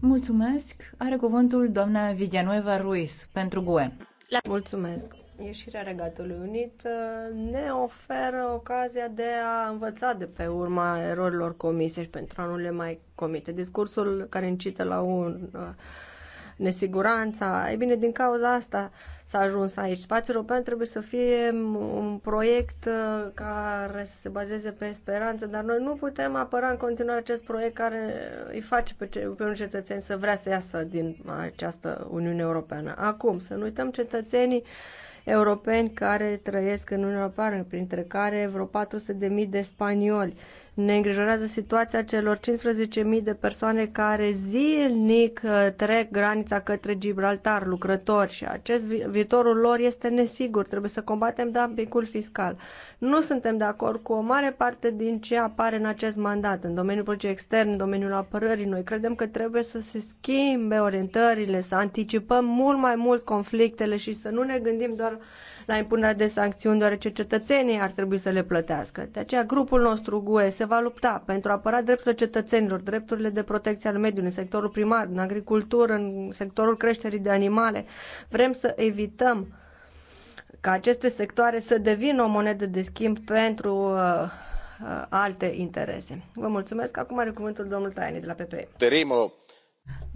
Mulțumesc. Are cuvântul doamna Vigianueva Ruiz pentru GUE. La... Mulțumesc ieșirea Regatului Unit uh, ne oferă ocazia de a învăța de pe urma erorilor comise și pentru a nu le mai comite. Discursul care incită la un uh, nesiguranța, e bine, din cauza asta s-a ajuns aici. Spațiul european trebuie să fie un proiect uh, care să se bazeze pe speranță, dar noi nu putem apăra în continuare acest proiect care îi face pe, ce, pe un cetățeni să vrea să iasă din această Uniune Europeană. Acum, să nu uităm cetățenii uh, europeni care trăiesc în Uniunea Europeană, printre care vreo 400.000 de spanioli. Ne îngrijorează situația celor 15.000 de persoane care zilnic uh, trec granița către Gibraltar, lucrători, și acest vi viitorul lor este nesigur. Trebuie să combatem dumpingul fiscal. Nu suntem de acord cu o mare parte din ce apare în acest mandat, în domeniul politicii extern, în domeniul apărării. Noi credem că trebuie să se schimbe orientările, să anticipăm mult mai mult conflictele și să nu ne gândim doar la impunerea de sancțiuni, deoarece cetățenii ar trebui să le plătească. De aceea, grupul nostru GUE se va lupta pentru a apăra drepturile cetățenilor, drepturile de protecție al mediului în sectorul primar, în agricultură, în sectorul creșterii de animale. Vrem să evităm ca aceste sectoare să devină o monedă de schimb pentru uh, uh, alte interese. Vă mulțumesc. Acum are cuvântul domnul Taini de la PP. Terimo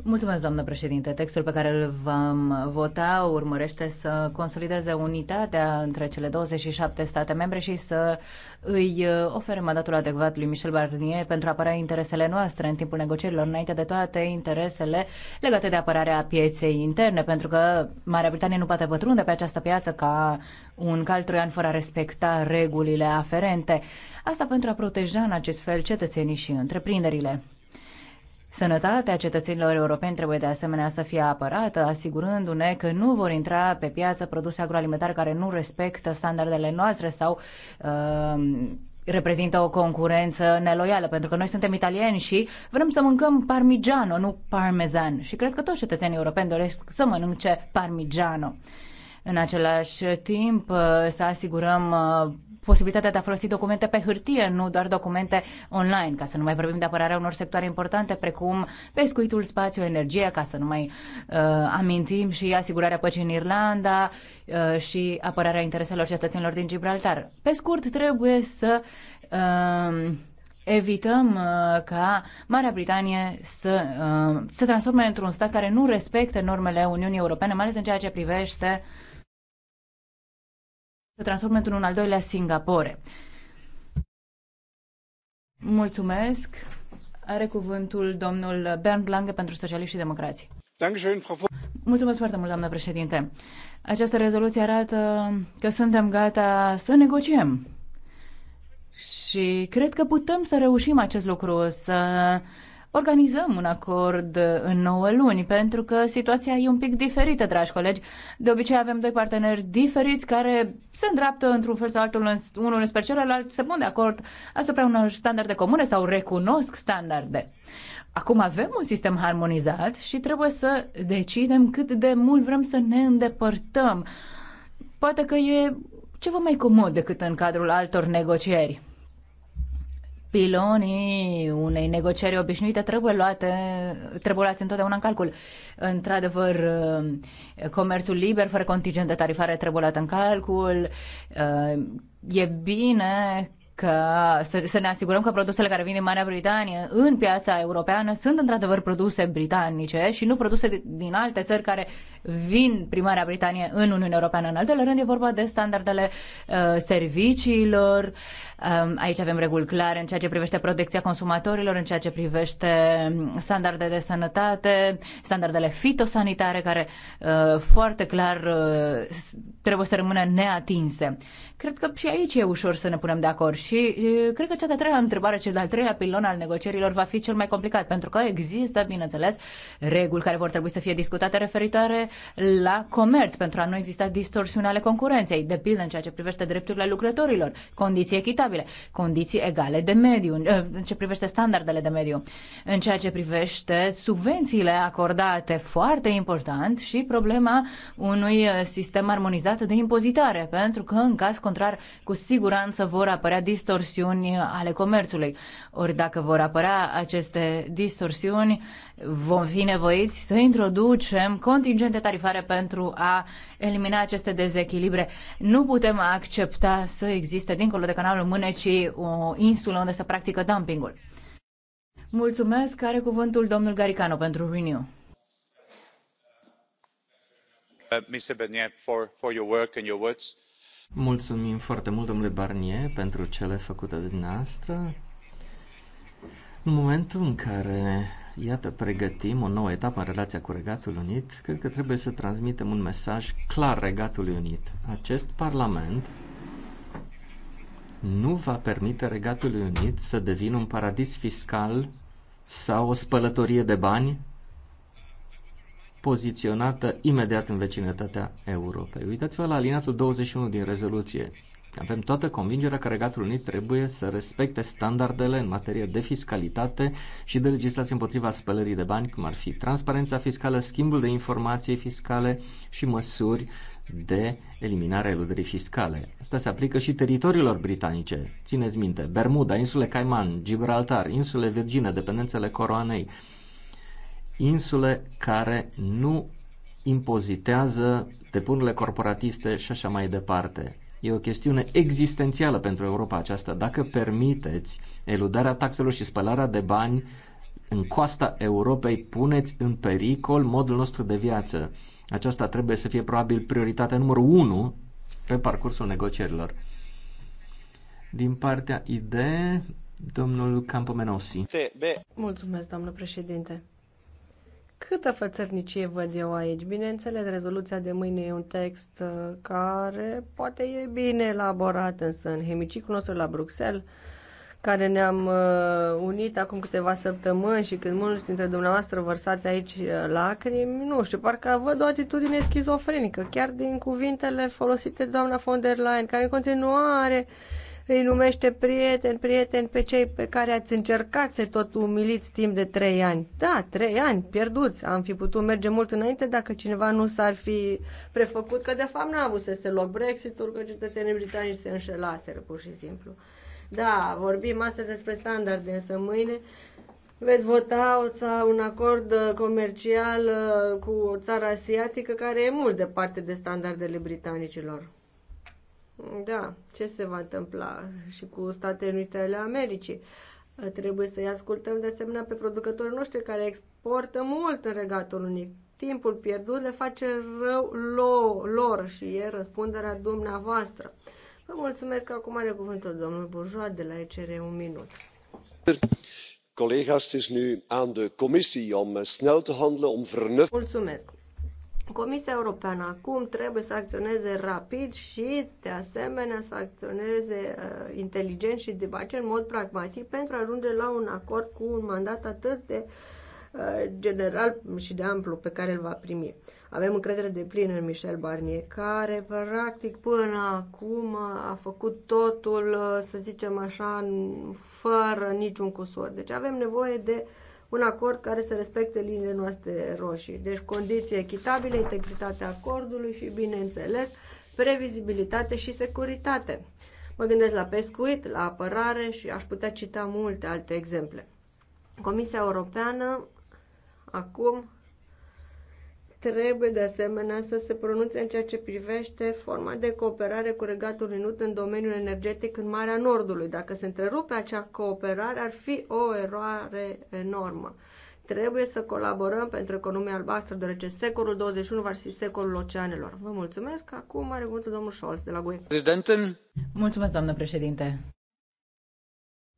Mulțumesc, doamnă președinte. Textul pe care îl vom vota urmărește să consolideze unitatea între cele 27 state membre și să îi ofere mandatul adecvat lui Michel Barnier pentru a apăra interesele noastre în timpul negocierilor, înainte de toate interesele legate de apărarea pieței interne, pentru că Marea Britanie nu poate pătrunde pe această piață ca un cal troian fără a respecta regulile aferente. Asta pentru a proteja în acest fel cetățenii și întreprinderile. Sănătatea cetățenilor europeni trebuie de asemenea să fie apărată, asigurându-ne că nu vor intra pe piață produse agroalimentare care nu respectă standardele noastre sau uh, reprezintă o concurență neloială, pentru că noi suntem italieni și vrem să mâncăm parmigiano, nu parmezan. Și cred că toți cetățenii europeni doresc să mănânce parmigiano. În același timp, uh, să asigurăm uh, posibilitatea de a folosi documente pe hârtie, nu doar documente online, ca să nu mai vorbim de apărarea unor sectoare importante, precum pescuitul, spațiu, energie, ca să nu mai uh, amintim și asigurarea păcii în Irlanda uh, și apărarea intereselor cetățenilor din Gibraltar. Pe scurt, trebuie să uh, evităm uh, ca Marea Britanie să uh, se transforme într-un stat care nu respectă normele Uniunii Europene, mai ales în ceea ce privește uh, se transforme într-un al doilea Singapore. Mulțumesc. Are cuvântul domnul Bernd Lange pentru Socialiști și Democrații. Mulțumesc foarte mult, doamnă președinte. Această rezoluție arată că suntem gata să negociem. Și cred că putem să reușim acest lucru, să organizăm un acord în 9 luni, pentru că situația e un pic diferită, dragi colegi. De obicei avem doi parteneri diferiți care se îndreaptă într-un fel sau altul, unul înspre celălalt, se pun de acord asupra unor standarde comune sau recunosc standarde. Acum avem un sistem harmonizat și trebuie să decidem cât de mult vrem să ne îndepărtăm. Poate că e ceva mai comod decât în cadrul altor negocieri pilonii unei negocieri obișnuite trebuie luate, trebuie luați întotdeauna în calcul. Într-adevăr, eh, comerțul liber fără contingente tarifare trebuie luat în calcul. Eh, e bine că să, să ne asigurăm că produsele care vin din Marea Britanie în piața europeană sunt într-adevăr produse britanice și nu produse din alte țări care vin prin Marea Britanie în Uniunea Europeană. În altele rând e vorba de standardele uh, serviciilor. Um, aici avem reguli clare în ceea ce privește protecția consumatorilor, în ceea ce privește um, standarde de sănătate, standardele fitosanitare care uh, foarte clar uh, trebuie să rămână neatinse. Cred că și aici e ușor să ne punem de acord și cred că cea de-a treia întrebare, cel de-al treilea pilon al negocierilor va fi cel mai complicat, pentru că există, bineînțeles, reguli care vor trebui să fie discutate referitoare la comerț, pentru a nu exista distorsiune ale concurenței, de pildă în ceea ce privește drepturile lucrătorilor, condiții echitabile, condiții egale de mediu, în ce privește standardele de mediu, în ceea ce privește subvențiile acordate, foarte important, și problema unui uh, sistem armonizat de impozitare, pentru că, în caz contrar, cu siguranță vor apărea distorsiuni ale comerțului. Ori dacă vor apărea aceste distorsiuni, vom fi nevoiți să introducem contingente tarifare pentru a elimina aceste dezechilibre. Nu putem accepta să existe, dincolo de canalul Mânecii, o insulă unde se practică dumpingul. Mulțumesc. Are cuvântul domnul Garicano pentru Renew. Uh, Mr. Bernier, for, for your work and your words. Mulțumim foarte mult, domnule Barnier, pentru cele făcute de noastră. În momentul în care, iată, pregătim o nouă etapă în relația cu Regatul Unit, cred că trebuie să transmitem un mesaj clar Regatului Unit. Acest Parlament nu va permite Regatului Unit să devină un paradis fiscal sau o spălătorie de bani poziționată imediat în vecinătatea Europei. Uitați-vă la alinatul 21 din rezoluție. Avem toată convingerea că Regatul Unit trebuie să respecte standardele în materie de fiscalitate și de legislație împotriva spălării de bani, cum ar fi transparența fiscală, schimbul de informații fiscale și măsuri de eliminare a eluderii fiscale. Asta se aplică și teritoriilor britanice. Țineți minte, Bermuda, insule Cayman, Gibraltar, insule Virgine, dependențele coroanei, insule care nu impozitează depunerile corporatiste și așa mai departe. E o chestiune existențială pentru Europa aceasta. Dacă permiteți eludarea taxelor și spălarea de bani în coasta Europei, puneți în pericol modul nostru de viață. Aceasta trebuie să fie probabil prioritatea numărul 1 pe parcursul negocierilor. Din partea ID, domnul Campomenosi. Mulțumesc, doamnă președinte. Câtă fățărnicie văd eu aici? Bineînțeles, rezoluția de mâine e un text uh, care poate e bine elaborat, însă în hemiciclul nostru la Bruxelles, care ne-am uh, unit acum câteva săptămâni și când mulți dintre dumneavoastră vărsați aici uh, lacrimi, nu știu, parcă văd o atitudine schizofrenică, chiar din cuvintele folosite de doamna von der Leyen, care în continuare uh, îi numește prieteni, prieteni pe cei pe care ați încercat să tot umiliți timp de trei ani. Da, trei ani pierduți. Am fi putut merge mult înainte dacă cineva nu s-ar fi prefăcut că de fapt n-a avut să se loc Brexit-ul, că cetățenii britanici se înșelaseră pur și simplu. Da, vorbim astăzi despre standarde, însă mâine veți vota o ța- un acord uh, comercial uh, cu o țară asiatică care e mult departe de standardele britanicilor. Da, ce se va întâmpla și cu Statele Unite ale Americii? Trebuie să-i ascultăm de asemenea pe producătorii noștri care exportă mult în Regatul Unic. Timpul pierdut le face rău lor și e răspunderea dumneavoastră. Vă mulțumesc că acum are cuvântul domnul Burjoa de la ECR un minut. Collega's, het is nu aan de commissie om eh, snel te handelen, om vernuft. Mulțumesc. Comisia Europeană acum trebuie să acționeze rapid și, de asemenea, să acționeze uh, inteligent și de bace în mod pragmatic pentru a ajunge la un acord cu un mandat atât de uh, general și de amplu pe care îl va primi. Avem încredere de plin în Michel Barnier, care practic până acum a făcut totul, uh, să zicem așa, fără niciun cusur. Deci avem nevoie de uh, un acord care să respecte liniile noastre roșii. Deci condiții echitabile, integritatea acordului și, bineînțeles, previzibilitate și securitate. Mă gândesc la pescuit, la apărare și aș putea cita multe alte exemple. Comisia Europeană acum trebuie de asemenea să se pronunțe în ceea ce privește forma de cooperare cu Regatul Unit în domeniul energetic în Marea Nordului. Dacă se întrerupe acea cooperare, ar fi o eroare enormă. Trebuie să colaborăm pentru economia albastră, deoarece secolul 21 va fi secolul oceanelor. Vă mulțumesc. Acum are cuvântul domnul Scholz de la GUE. Mulțumesc, doamnă președinte.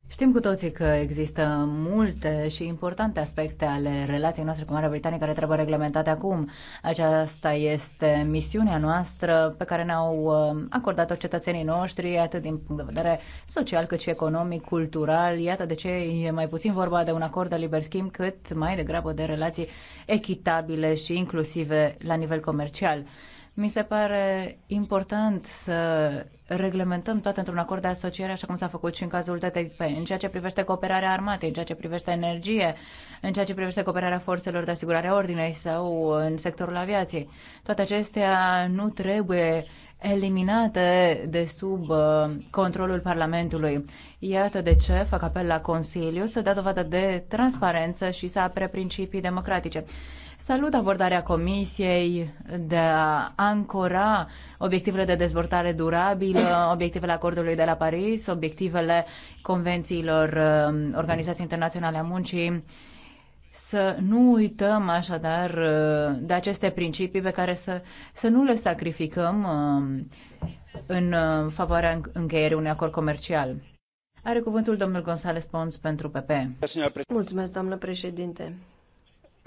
Știm cu toții că există multe și importante aspecte ale relației noastre cu Marea Britanie care trebuie reglementate acum. Aceasta este misiunea noastră pe care ne-au uh, acordat-o cetățenii noștri, atât din punct de vedere social cât și economic, cultural. Iată de ce e mai puțin vorba de un acord de liber schimb, cât mai degrabă de relații echitabile și inclusive la nivel comercial. Mi se pare important să reglementăm toate într-un acord de asociere, așa cum s-a făcut și în cazul TTIP, în ceea ce privește cooperarea armatei, în ceea ce privește energie, în ceea ce privește cooperarea forțelor de asigurare a ordinei sau în sectorul aviației. Toate acestea nu trebuie eliminate de sub uh, controlul Parlamentului. Iată de ce fac apel la Consiliu să dea dovadă de transparență și să apere principii democratice. Salut abordarea Comisiei de a ancora obiectivele de dezvoltare durabilă, obiectivele acordului de la Paris, obiectivele convențiilor um, Organizației Internaționale a Muncii. Să nu uităm așadar uh, de aceste principii pe care să, să nu le sacrificăm um, în uh, favoarea încheierii unui acord comercial. Are cuvântul domnul González Pons pentru PP. Mulțumesc, doamnă președinte.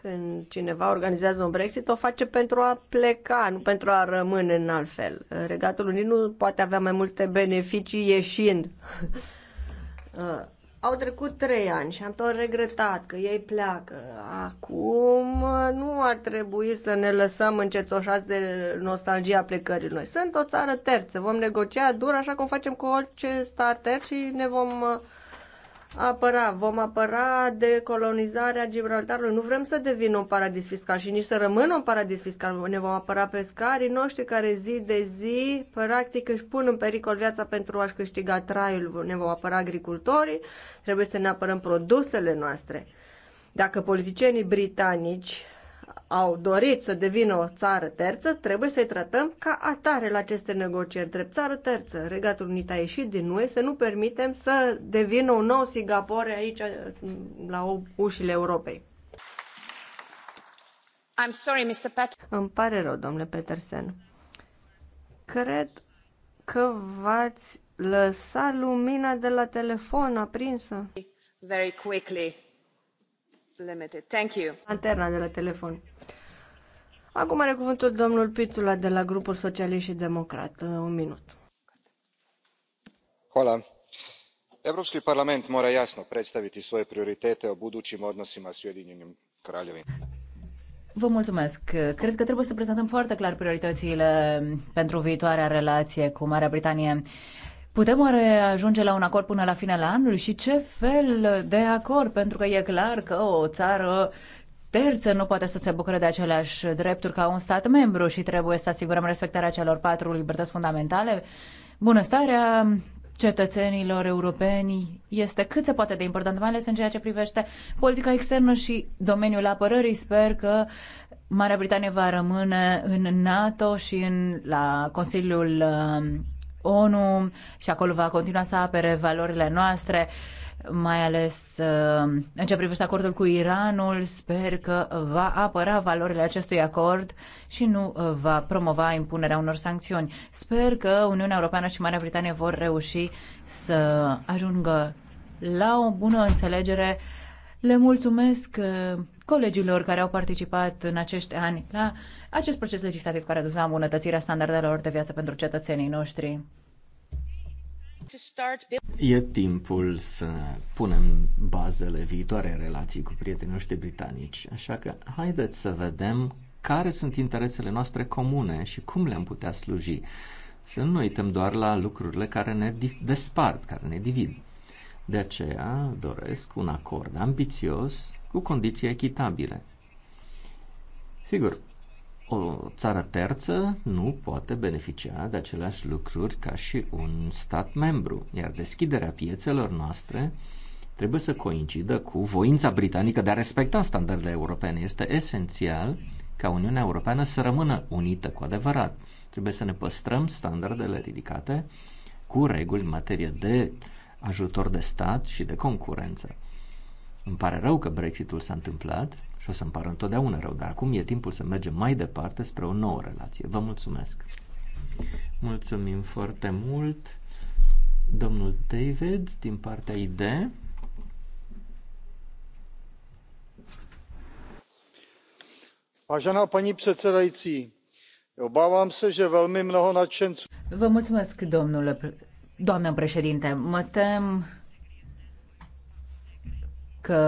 Când cineva organizează un Brexit, o face pentru a pleca, nu pentru a rămâne în alt fel. Regatul Unit nu poate avea mai multe beneficii ieșind. Uh, au trecut trei ani și am tot regretat că ei pleacă. Acum nu ar trebui să ne lăsăm încetoșați de nostalgia plecării noi. Sunt o țară terță, vom negocia dur așa cum facem cu orice star terț și ne vom uh, apăra, vom apăra decolonizarea Gibraltarului. Nu vrem să devină un paradis fiscal și nici să rămână un paradis fiscal. Ne vom apăra pescarii noștri care zi de zi practic își pun în pericol viața pentru a-și câștiga traiul. Ne vom apăra agricultorii, trebuie să ne apărăm produsele noastre. Dacă politicienii britanici au dorit să devină o țară terță, trebuie să-i tratăm ca atare la aceste negocieri drept țară terță. Regatul Unit a ieșit din noi să nu permitem să devină un nou Singapore aici la ușile Europei. I'm sorry, Mr. Pat- Îmi pare rău, domnule Petersen. Cred că v-ați lăsat lumina de la telefon aprinsă. Very quickly. Limited. Thank you. Anterna de la telefon. Acum are cuvântul domnul Pițula de la Grupul Socialist și Democrat. Uh, un minut. Hola. Evropski parlament mora jasno predstaviti svoje prioritete o budućim odnosima s Ujedinjenim Kraljevinom. Vă mulțumesc. Cred că trebuie să prezentăm foarte clar prioritățile pentru viitoarea relație cu Marea Britanie. Putem oare ajunge la un acord până la finele anului și ce fel de acord? Pentru că e clar că o țară terță nu poate să se bucure de aceleași drepturi ca un stat membru și trebuie să asigurăm respectarea celor patru libertăți fundamentale. Bunăstarea cetățenilor europeni este cât se poate de important, mai ales în ceea ce privește politica externă și domeniul apărării. Sper că Marea Britanie va rămâne în NATO și în, la Consiliul um, ONU și acolo va continua să apere valorile noastre, mai ales uh, în ce privește acordul cu Iranul. Sper că va apăra valorile acestui acord și nu uh, va promova impunerea unor sancțiuni. Sper că Uniunea Europeană și Marea Britanie vor reuși să ajungă la o bună înțelegere. Le mulțumesc uh, colegilor care au participat în acești ani la acest proces legislativ care a dus la îmbunătățirea standardelor de viață pentru cetățenii noștri. E timpul să punem bazele viitoare relații cu prietenii noștri britanici, așa că haideți să vedem care sunt interesele noastre comune și cum le-am putea sluji. Să nu uităm doar la lucrurile care ne despart, care ne divid. De aceea doresc un acord ambițios cu condiții echitabile. Sigur, o țară terță nu poate beneficia de aceleași lucruri ca și un stat membru, iar deschiderea piețelor noastre trebuie să coincidă cu voința britanică de a respecta standardele europene. Este esențial ca Uniunea Europeană să rămână unită cu adevărat. Trebuie să ne păstrăm standardele ridicate cu reguli în materie de ajutor de stat și de concurență. Îmi pare rău că Brexitul s-a întâmplat și o să-mi pară întotdeauna rău, dar acum e timpul să mergem mai departe spre o nouă relație. Vă mulțumesc! Mulțumim foarte mult, domnul David, din partea ID. Vážená paní předsedající, obávám se, že velmi mnoho nadšenců. Vă mulțumesc, domnule, doamnă președinte. Mă tem că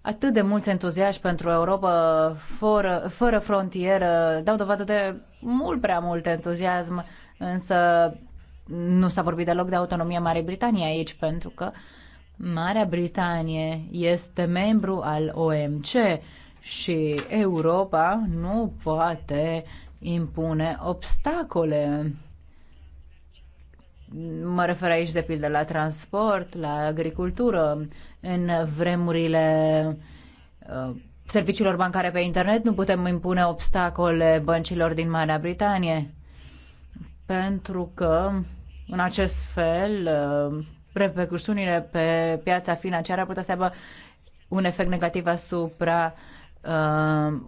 atât de mulți entuziași pentru Europa fără, fără frontieră dau dovadă de mult prea mult entuziasm, însă nu s-a vorbit deloc de autonomia Marii Britanie aici, pentru că Marea Britanie este membru al OMC și Europa nu poate impune obstacole Mă refer aici de pildă la transport, la agricultură. În vremurile uh, serviciilor bancare pe internet nu putem impune obstacole băncilor din Marea Britanie, pentru că în acest fel uh, repercusiunile pe piața financiară ar putea să aibă un efect negativ asupra uh, Uh,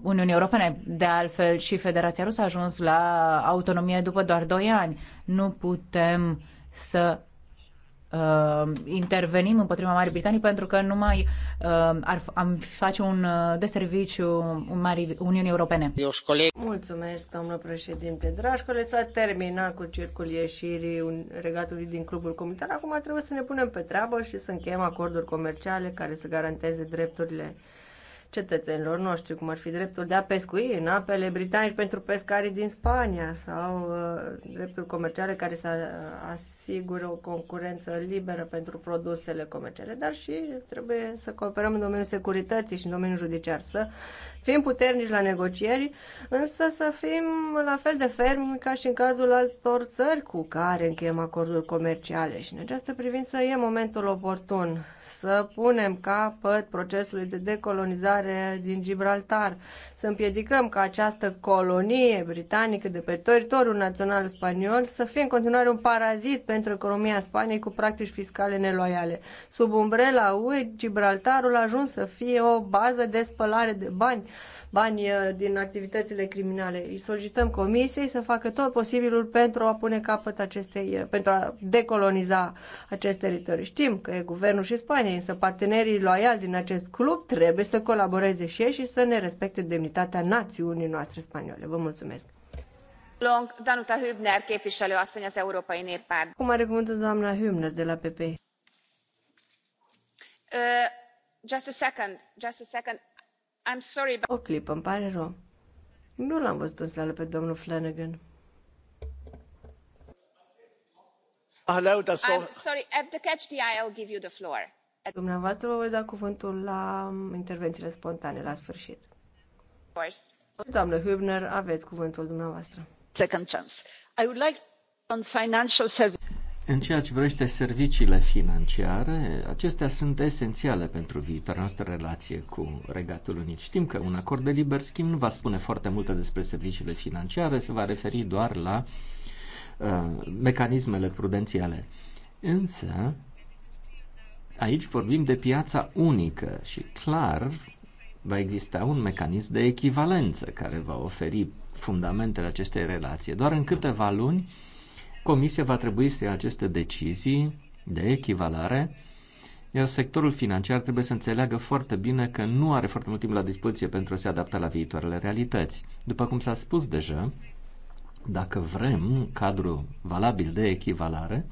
Uniunii Europene, de altfel și Federația Rusă a ajuns la autonomie după doar 2 ani. Nu putem să uh, intervenim împotriva Marii Britanii pentru că mai uh, ar, am face un uh, deserviciu Marii Uniunii Europene. Mulțumesc, domnul președinte. Dragi colegi, s-a terminat cu circul ieșirii regatului din clubul comunitar. Acum trebuie să ne punem pe treabă și să încheiem acorduri comerciale care să garanteze drepturile cetățenilor noștri, cum ar fi dreptul de a pescui în apele britanice pentru pescarii din Spania sau uh, dreptul comerciale care să asigură o concurență liberă pentru produsele comerciale, dar și trebuie să cooperăm în domeniul securității și în domeniul judiciar, să fim puternici la negocieri, însă să fim la fel de fermi ca și în cazul altor țări cu care încheiem acorduri comerciale și în această privință e momentul oportun să punem capăt procesului de decolonizare mare din Gibraltar, să împiedicăm ca această colonie britanică de pe teritoriul național spaniol să fie în continuare un parazit pentru economia Spaniei cu practici fiscale neloiale. Sub umbrela UE, Gibraltarul a ajuns să fie o bază de spălare de bani bani eh, din activitățile criminale. Îi solicităm comisiei să facă tot posibilul pentru a pune capăt acestei, eh, pentru a decoloniza acest teritoriu. Știm că e guvernul și Spania, însă partenerii loiali din acest club trebuie să colaboreze și ei și să ne respecte demnitatea națiunii noastre spaniole. Vă mulțumesc! Long, Danuta Hübner, képviselő asszony az Európai Néppárt. Cum are cuvântul doamna Hübner de la PP? Uh, just a second, just a second I'm sorry, but... O clipă, îmi pare rău. Nu l-am văzut în sală pe domnul Flanagan. Hello, that's all. I'm sorry, at the catch the eye, I'll give you the floor. Dumneavoastră vă voi da cuvântul la um, intervențiile spontane la sfârșit. Of course. Doamnă Hübner, aveți cuvântul dumneavoastră. Second chance. I would like on financial services în ceea ce privește serviciile financiare, acestea sunt esențiale pentru viitoarea noastră relație cu Regatul Unit. Știm că un acord de liber schimb nu va spune foarte multe despre serviciile financiare, se va referi doar la uh, mecanismele prudențiale. Însă, aici vorbim de piața unică și clar va exista un mecanism de echivalență care va oferi fundamentele acestei relații. Doar în câteva luni, Comisia va trebui să ia aceste decizii de echivalare, iar sectorul financiar trebuie să înțeleagă foarte bine că nu are foarte mult timp la dispoziție pentru a se adapta la viitoarele realități. După cum s-a spus deja, dacă vrem un cadru valabil de echivalare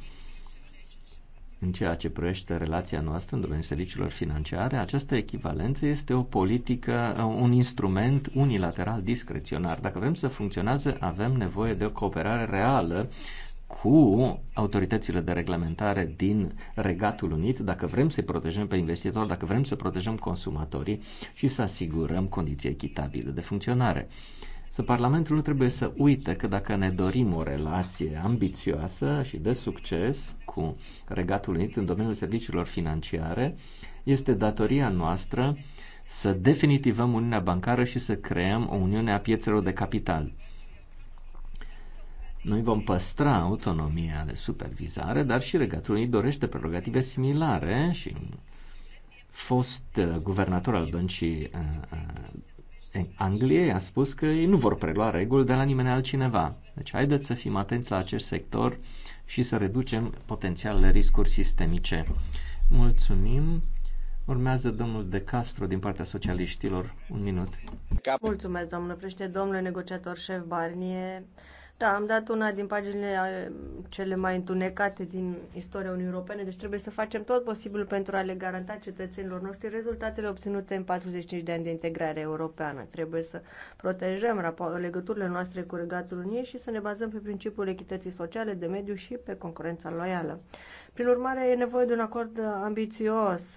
în ceea ce privește relația noastră în domeniul serviciilor financiare, această echivalență este o politică, un instrument unilateral discreționar. Dacă vrem să funcționează, avem nevoie de o cooperare reală cu autoritățile de reglementare din Regatul Unit dacă vrem să-i protejăm pe investitori, dacă vrem să protejăm consumatorii și să asigurăm condiții echitabile de funcționare. Să Parlamentul nu trebuie să uite că dacă ne dorim o relație ambițioasă și de succes cu Regatul Unit în domeniul serviciilor financiare, este datoria noastră să definitivăm Uniunea Bancară și să creăm o Uniune a piețelor de capital. Noi vom păstra autonomia de supervizare, dar și regatul unii dorește prerogative similare și fost uh, guvernator al băncii uh, uh, Angliei a spus că ei nu vor prelua reguli de la nimeni altcineva. Deci haideți să fim atenți la acest sector și să reducem potențialele riscuri sistemice. Mulțumim. Urmează domnul De Castro din partea socialiștilor. Un minut. Mulțumesc, domnule președinte, domnule negociator șef Barnier. Da, am dat una din paginile cele mai întunecate din istoria Uniunii Europene, deci trebuie să facem tot posibilul pentru a le garanta cetățenilor noștri rezultatele obținute în 45 de ani de integrare europeană. Trebuie să protejăm legăturile noastre cu Regatul Uniei și să ne bazăm pe principiul echității sociale, de mediu și pe concurența loială. Prin urmare, e nevoie de un acord ambițios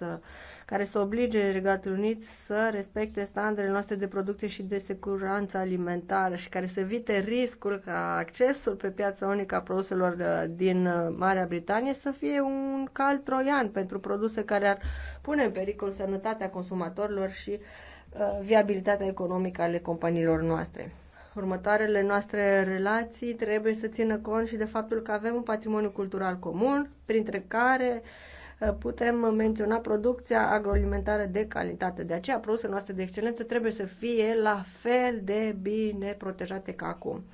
care să oblige Regatul Unit să respecte standardele noastre de producție și de securanță alimentară și care să evite riscul ca accesul pe piața unică a produselor uh, din uh, Marea Britanie să fie un cal troian pentru produse care ar pune în pericol sănătatea consumatorilor și uh, viabilitatea economică ale companiilor noastre următoarele noastre relații trebuie să țină cont și de faptul că avem un patrimoniu cultural comun, printre care Eh, putem menționa producția agroalimentară de calitate. De aceea, produsele noastre de excelență trebuie să fie la fel de bine protejate ca acum.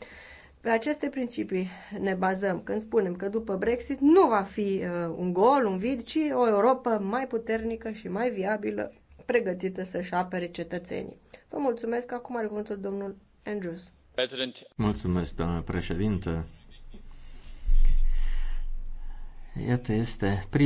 Pe aceste principii ne bazăm când spunem că după Brexit nu va fi uh, un gol, un vid, ci o Europa mai puternică și mai viabilă, pregătită să-și apere cetățenii. Vă mulțumesc. Acum are cuvântul domnul Andrews. President. Mulțumesc, doamnă președinte. Iată, este prima